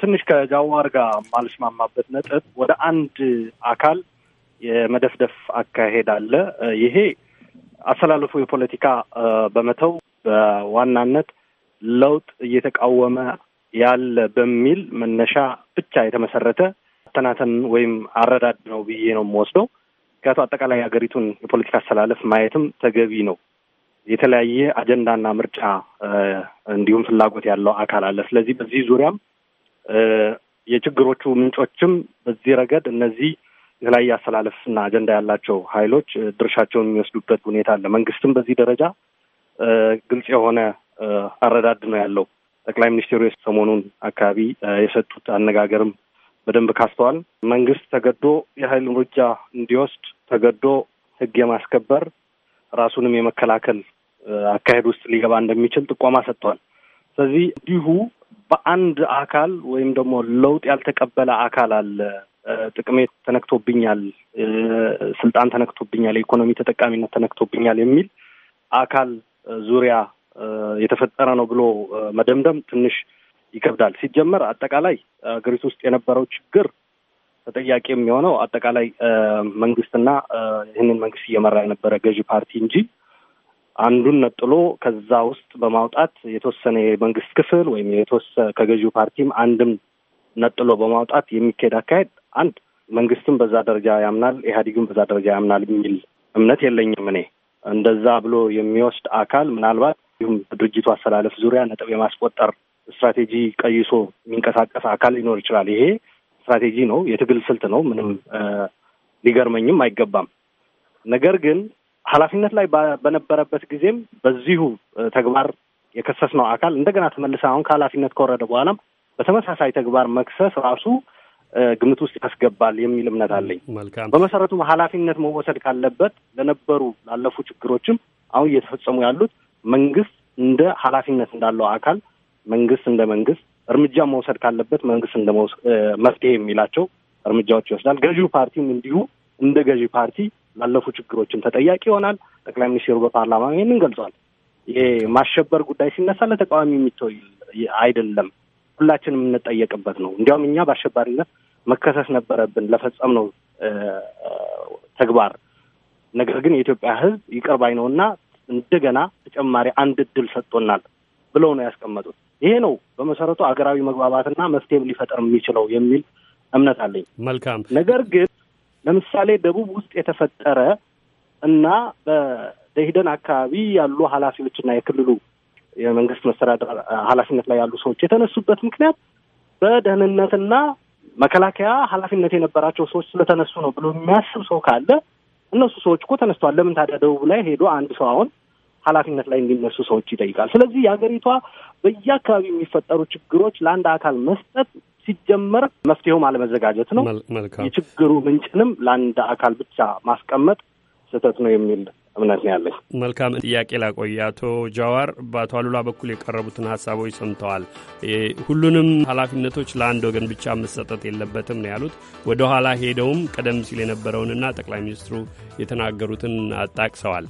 ትንሽ ከጃዋር ጋር ማልስማማበት ነጥብ ወደ አንድ አካል የመደፍደፍ አካሄድ አለ። ይሄ አሰላለፉ የፖለቲካ በመተው በዋናነት ለውጥ እየተቃወመ ያለ በሚል መነሻ ብቻ የተመሰረተ ተናተን ወይም አረዳድ ነው ብዬ ነው የምወስደው። ምክንያቱ አጠቃላይ ሀገሪቱን የፖለቲካ አስተላለፍ ማየትም ተገቢ ነው። የተለያየ አጀንዳና ምርጫ እንዲሁም ፍላጎት ያለው አካል አለ። ስለዚህ በዚህ ዙሪያም የችግሮቹ ምንጮችም በዚህ ረገድ እነዚህ የተለያየ አስተላለፍና አጀንዳ ያላቸው ኃይሎች ድርሻቸውን የሚወስዱበት ሁኔታ አለ። መንግስትም በዚህ ደረጃ ግልጽ የሆነ አረዳድ ነው ያለው። ጠቅላይ ሚኒስትሩ ሰሞኑን አካባቢ የሰጡት አነጋገርም በደንብ ካስተዋል መንግስት ተገዶ የኃይል እርምጃ እንዲወስድ ተገዶ ህግ የማስከበር ራሱንም የመከላከል አካሄድ ውስጥ ሊገባ እንደሚችል ጥቆማ ሰጥተዋል። ስለዚህ እንዲሁ በአንድ አካል ወይም ደግሞ ለውጥ ያልተቀበለ አካል አለ ጥቅሜ ተነክቶብኛል፣ ስልጣን ተነክቶብኛል፣ የኢኮኖሚ ተጠቃሚነት ተነክቶብኛል የሚል አካል ዙሪያ የተፈጠረ ነው ብሎ መደምደም ትንሽ ይከብዳል። ሲጀመር አጠቃላይ ሀገሪቱ ውስጥ የነበረው ችግር ተጠያቂ የሚሆነው አጠቃላይ መንግስትና ይህንን መንግስት እየመራ የነበረ ገዢ ፓርቲ እንጂ አንዱን ነጥሎ ከዛ ውስጥ በማውጣት የተወሰነ የመንግስት ክፍል ወይም የተወሰ ከገዢው ፓርቲም አንድም ነጥሎ በማውጣት የሚካሄድ አካሄድ አንድ መንግስትም በዛ ደረጃ ያምናል፣ ኢህአዴግም በዛ ደረጃ ያምናል የሚል እምነት የለኝም። እኔ እንደዛ ብሎ የሚወስድ አካል ምናልባት እንዲሁም ድርጅቱ አሰላለፍ ዙሪያ ነጥብ የማስቆጠር ስትራቴጂ ቀይሶ የሚንቀሳቀስ አካል ሊኖር ይችላል። ይሄ ስትራቴጂ ነው፣ የትግል ስልት ነው። ምንም ሊገርመኝም አይገባም። ነገር ግን ኃላፊነት ላይ በነበረበት ጊዜም በዚሁ ተግባር የከሰስነው አካል እንደገና ተመልሰ አሁን ከኃላፊነት ከወረደ በኋላም በተመሳሳይ ተግባር መክሰስ ራሱ ግምት ውስጥ ያስገባል የሚል እምነት አለኝ። መልካም። በመሰረቱም ኃላፊነት መወሰድ ካለበት ለነበሩ ላለፉ ችግሮችም አሁን እየተፈጸሙ ያሉት መንግስት እንደ ኃላፊነት እንዳለው አካል መንግስት እንደ መንግስት እርምጃ መውሰድ ካለበት መንግስት እንደ መፍትሄ የሚላቸው እርምጃዎች ይወስዳል። ገዢው ፓርቲም እንዲሁ እንደ ገዢ ፓርቲ ላለፉ ችግሮችም ተጠያቂ ይሆናል። ጠቅላይ ሚኒስትሩ በፓርላማ ይህንን ገልጿል። ይሄ ማሸበር ጉዳይ ሲነሳ ለተቃዋሚ የሚተወይ አይደለም፣ ሁላችንም የምንጠየቅበት ነው። እንዲያውም እኛ በአሸባሪነት መከሰስ ነበረብን ለፈጸምነው ተግባር። ነገር ግን የኢትዮጵያ ሕዝብ ይቅር ባይ ነው እና እንደገና ተጨማሪ አንድ እድል ሰጥቶናል ብለው ነው ያስቀመጡት። ይሄ ነው በመሰረቱ አገራዊ መግባባትና መፍትሄም ሊፈጠር የሚችለው የሚል እምነት አለኝ። መልካም ነገር ግን ለምሳሌ ደቡብ ውስጥ የተፈጠረ እና በደሂደን አካባቢ ያሉ ኃላፊዎችና የክልሉ የመንግስት መስተዳደር ኃላፊነት ላይ ያሉ ሰዎች የተነሱበት ምክንያት በደህንነትና መከላከያ ኃላፊነት የነበራቸው ሰዎች ስለተነሱ ነው ብሎ የሚያስብ ሰው ካለ እነሱ ሰዎች እኮ ተነስተዋል። ለምን ታዲያ ደቡብ ላይ ሄዶ አንድ ሰው አሁን ኃላፊነት ላይ እንዲነሱ ሰዎች ይጠይቃል። ስለዚህ የሀገሪቷ በየአካባቢ የሚፈጠሩ ችግሮች ለአንድ አካል መስጠት ሲጀመር መፍትሄውም አለመዘጋጀት ነው። የችግሩ ምንጭንም ለአንድ አካል ብቻ ማስቀመጥ ስህተት ነው የሚል እምነት ነው ያለኝ። መልካም ጥያቄ ላቆይ። አቶ ጃዋር በአቶ አሉላ በኩል የቀረቡትን ሀሳቦች ሰምተዋል። ሁሉንም ኃላፊነቶች ለአንድ ወገን ብቻ መሰጠት የለበትም ነው ያሉት። ወደ ኋላ ሄደውም ቀደም ሲል የነበረውንና ጠቅላይ ሚኒስትሩ የተናገሩትን አጣቅሰዋል።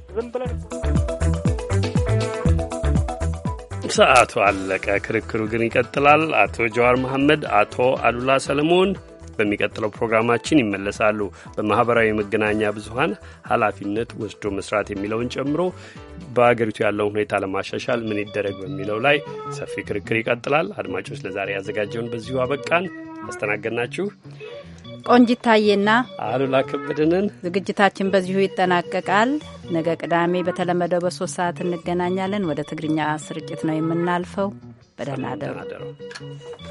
ሰዓቱ አለቀ። ክርክሩ ግን ይቀጥላል። አቶ ጀዋር መሐመድ፣ አቶ አሉላ ሰለሞን በሚቀጥለው ፕሮግራማችን ይመለሳሉ። በማህበራዊ መገናኛ ብዙሀን ኃላፊነት ወስዶ መስራት የሚለውን ጨምሮ በአገሪቱ ያለውን ሁኔታ ለማሻሻል ምን ይደረግ በሚለው ላይ ሰፊ ክርክር ይቀጥላል። አድማጮች፣ ለዛሬ ያዘጋጀውን በዚሁ አበቃን። አስተናገድናችሁ ቆንጂት ታዬና አሉላ ከበደንን ዝግጅታችን በዚሁ ይጠናቀቃል። ነገ ቅዳሜ በተለመደው በሶስት ሰዓት እንገናኛለን። ወደ ትግርኛ ስርጭት ነው የምናልፈው። በደህና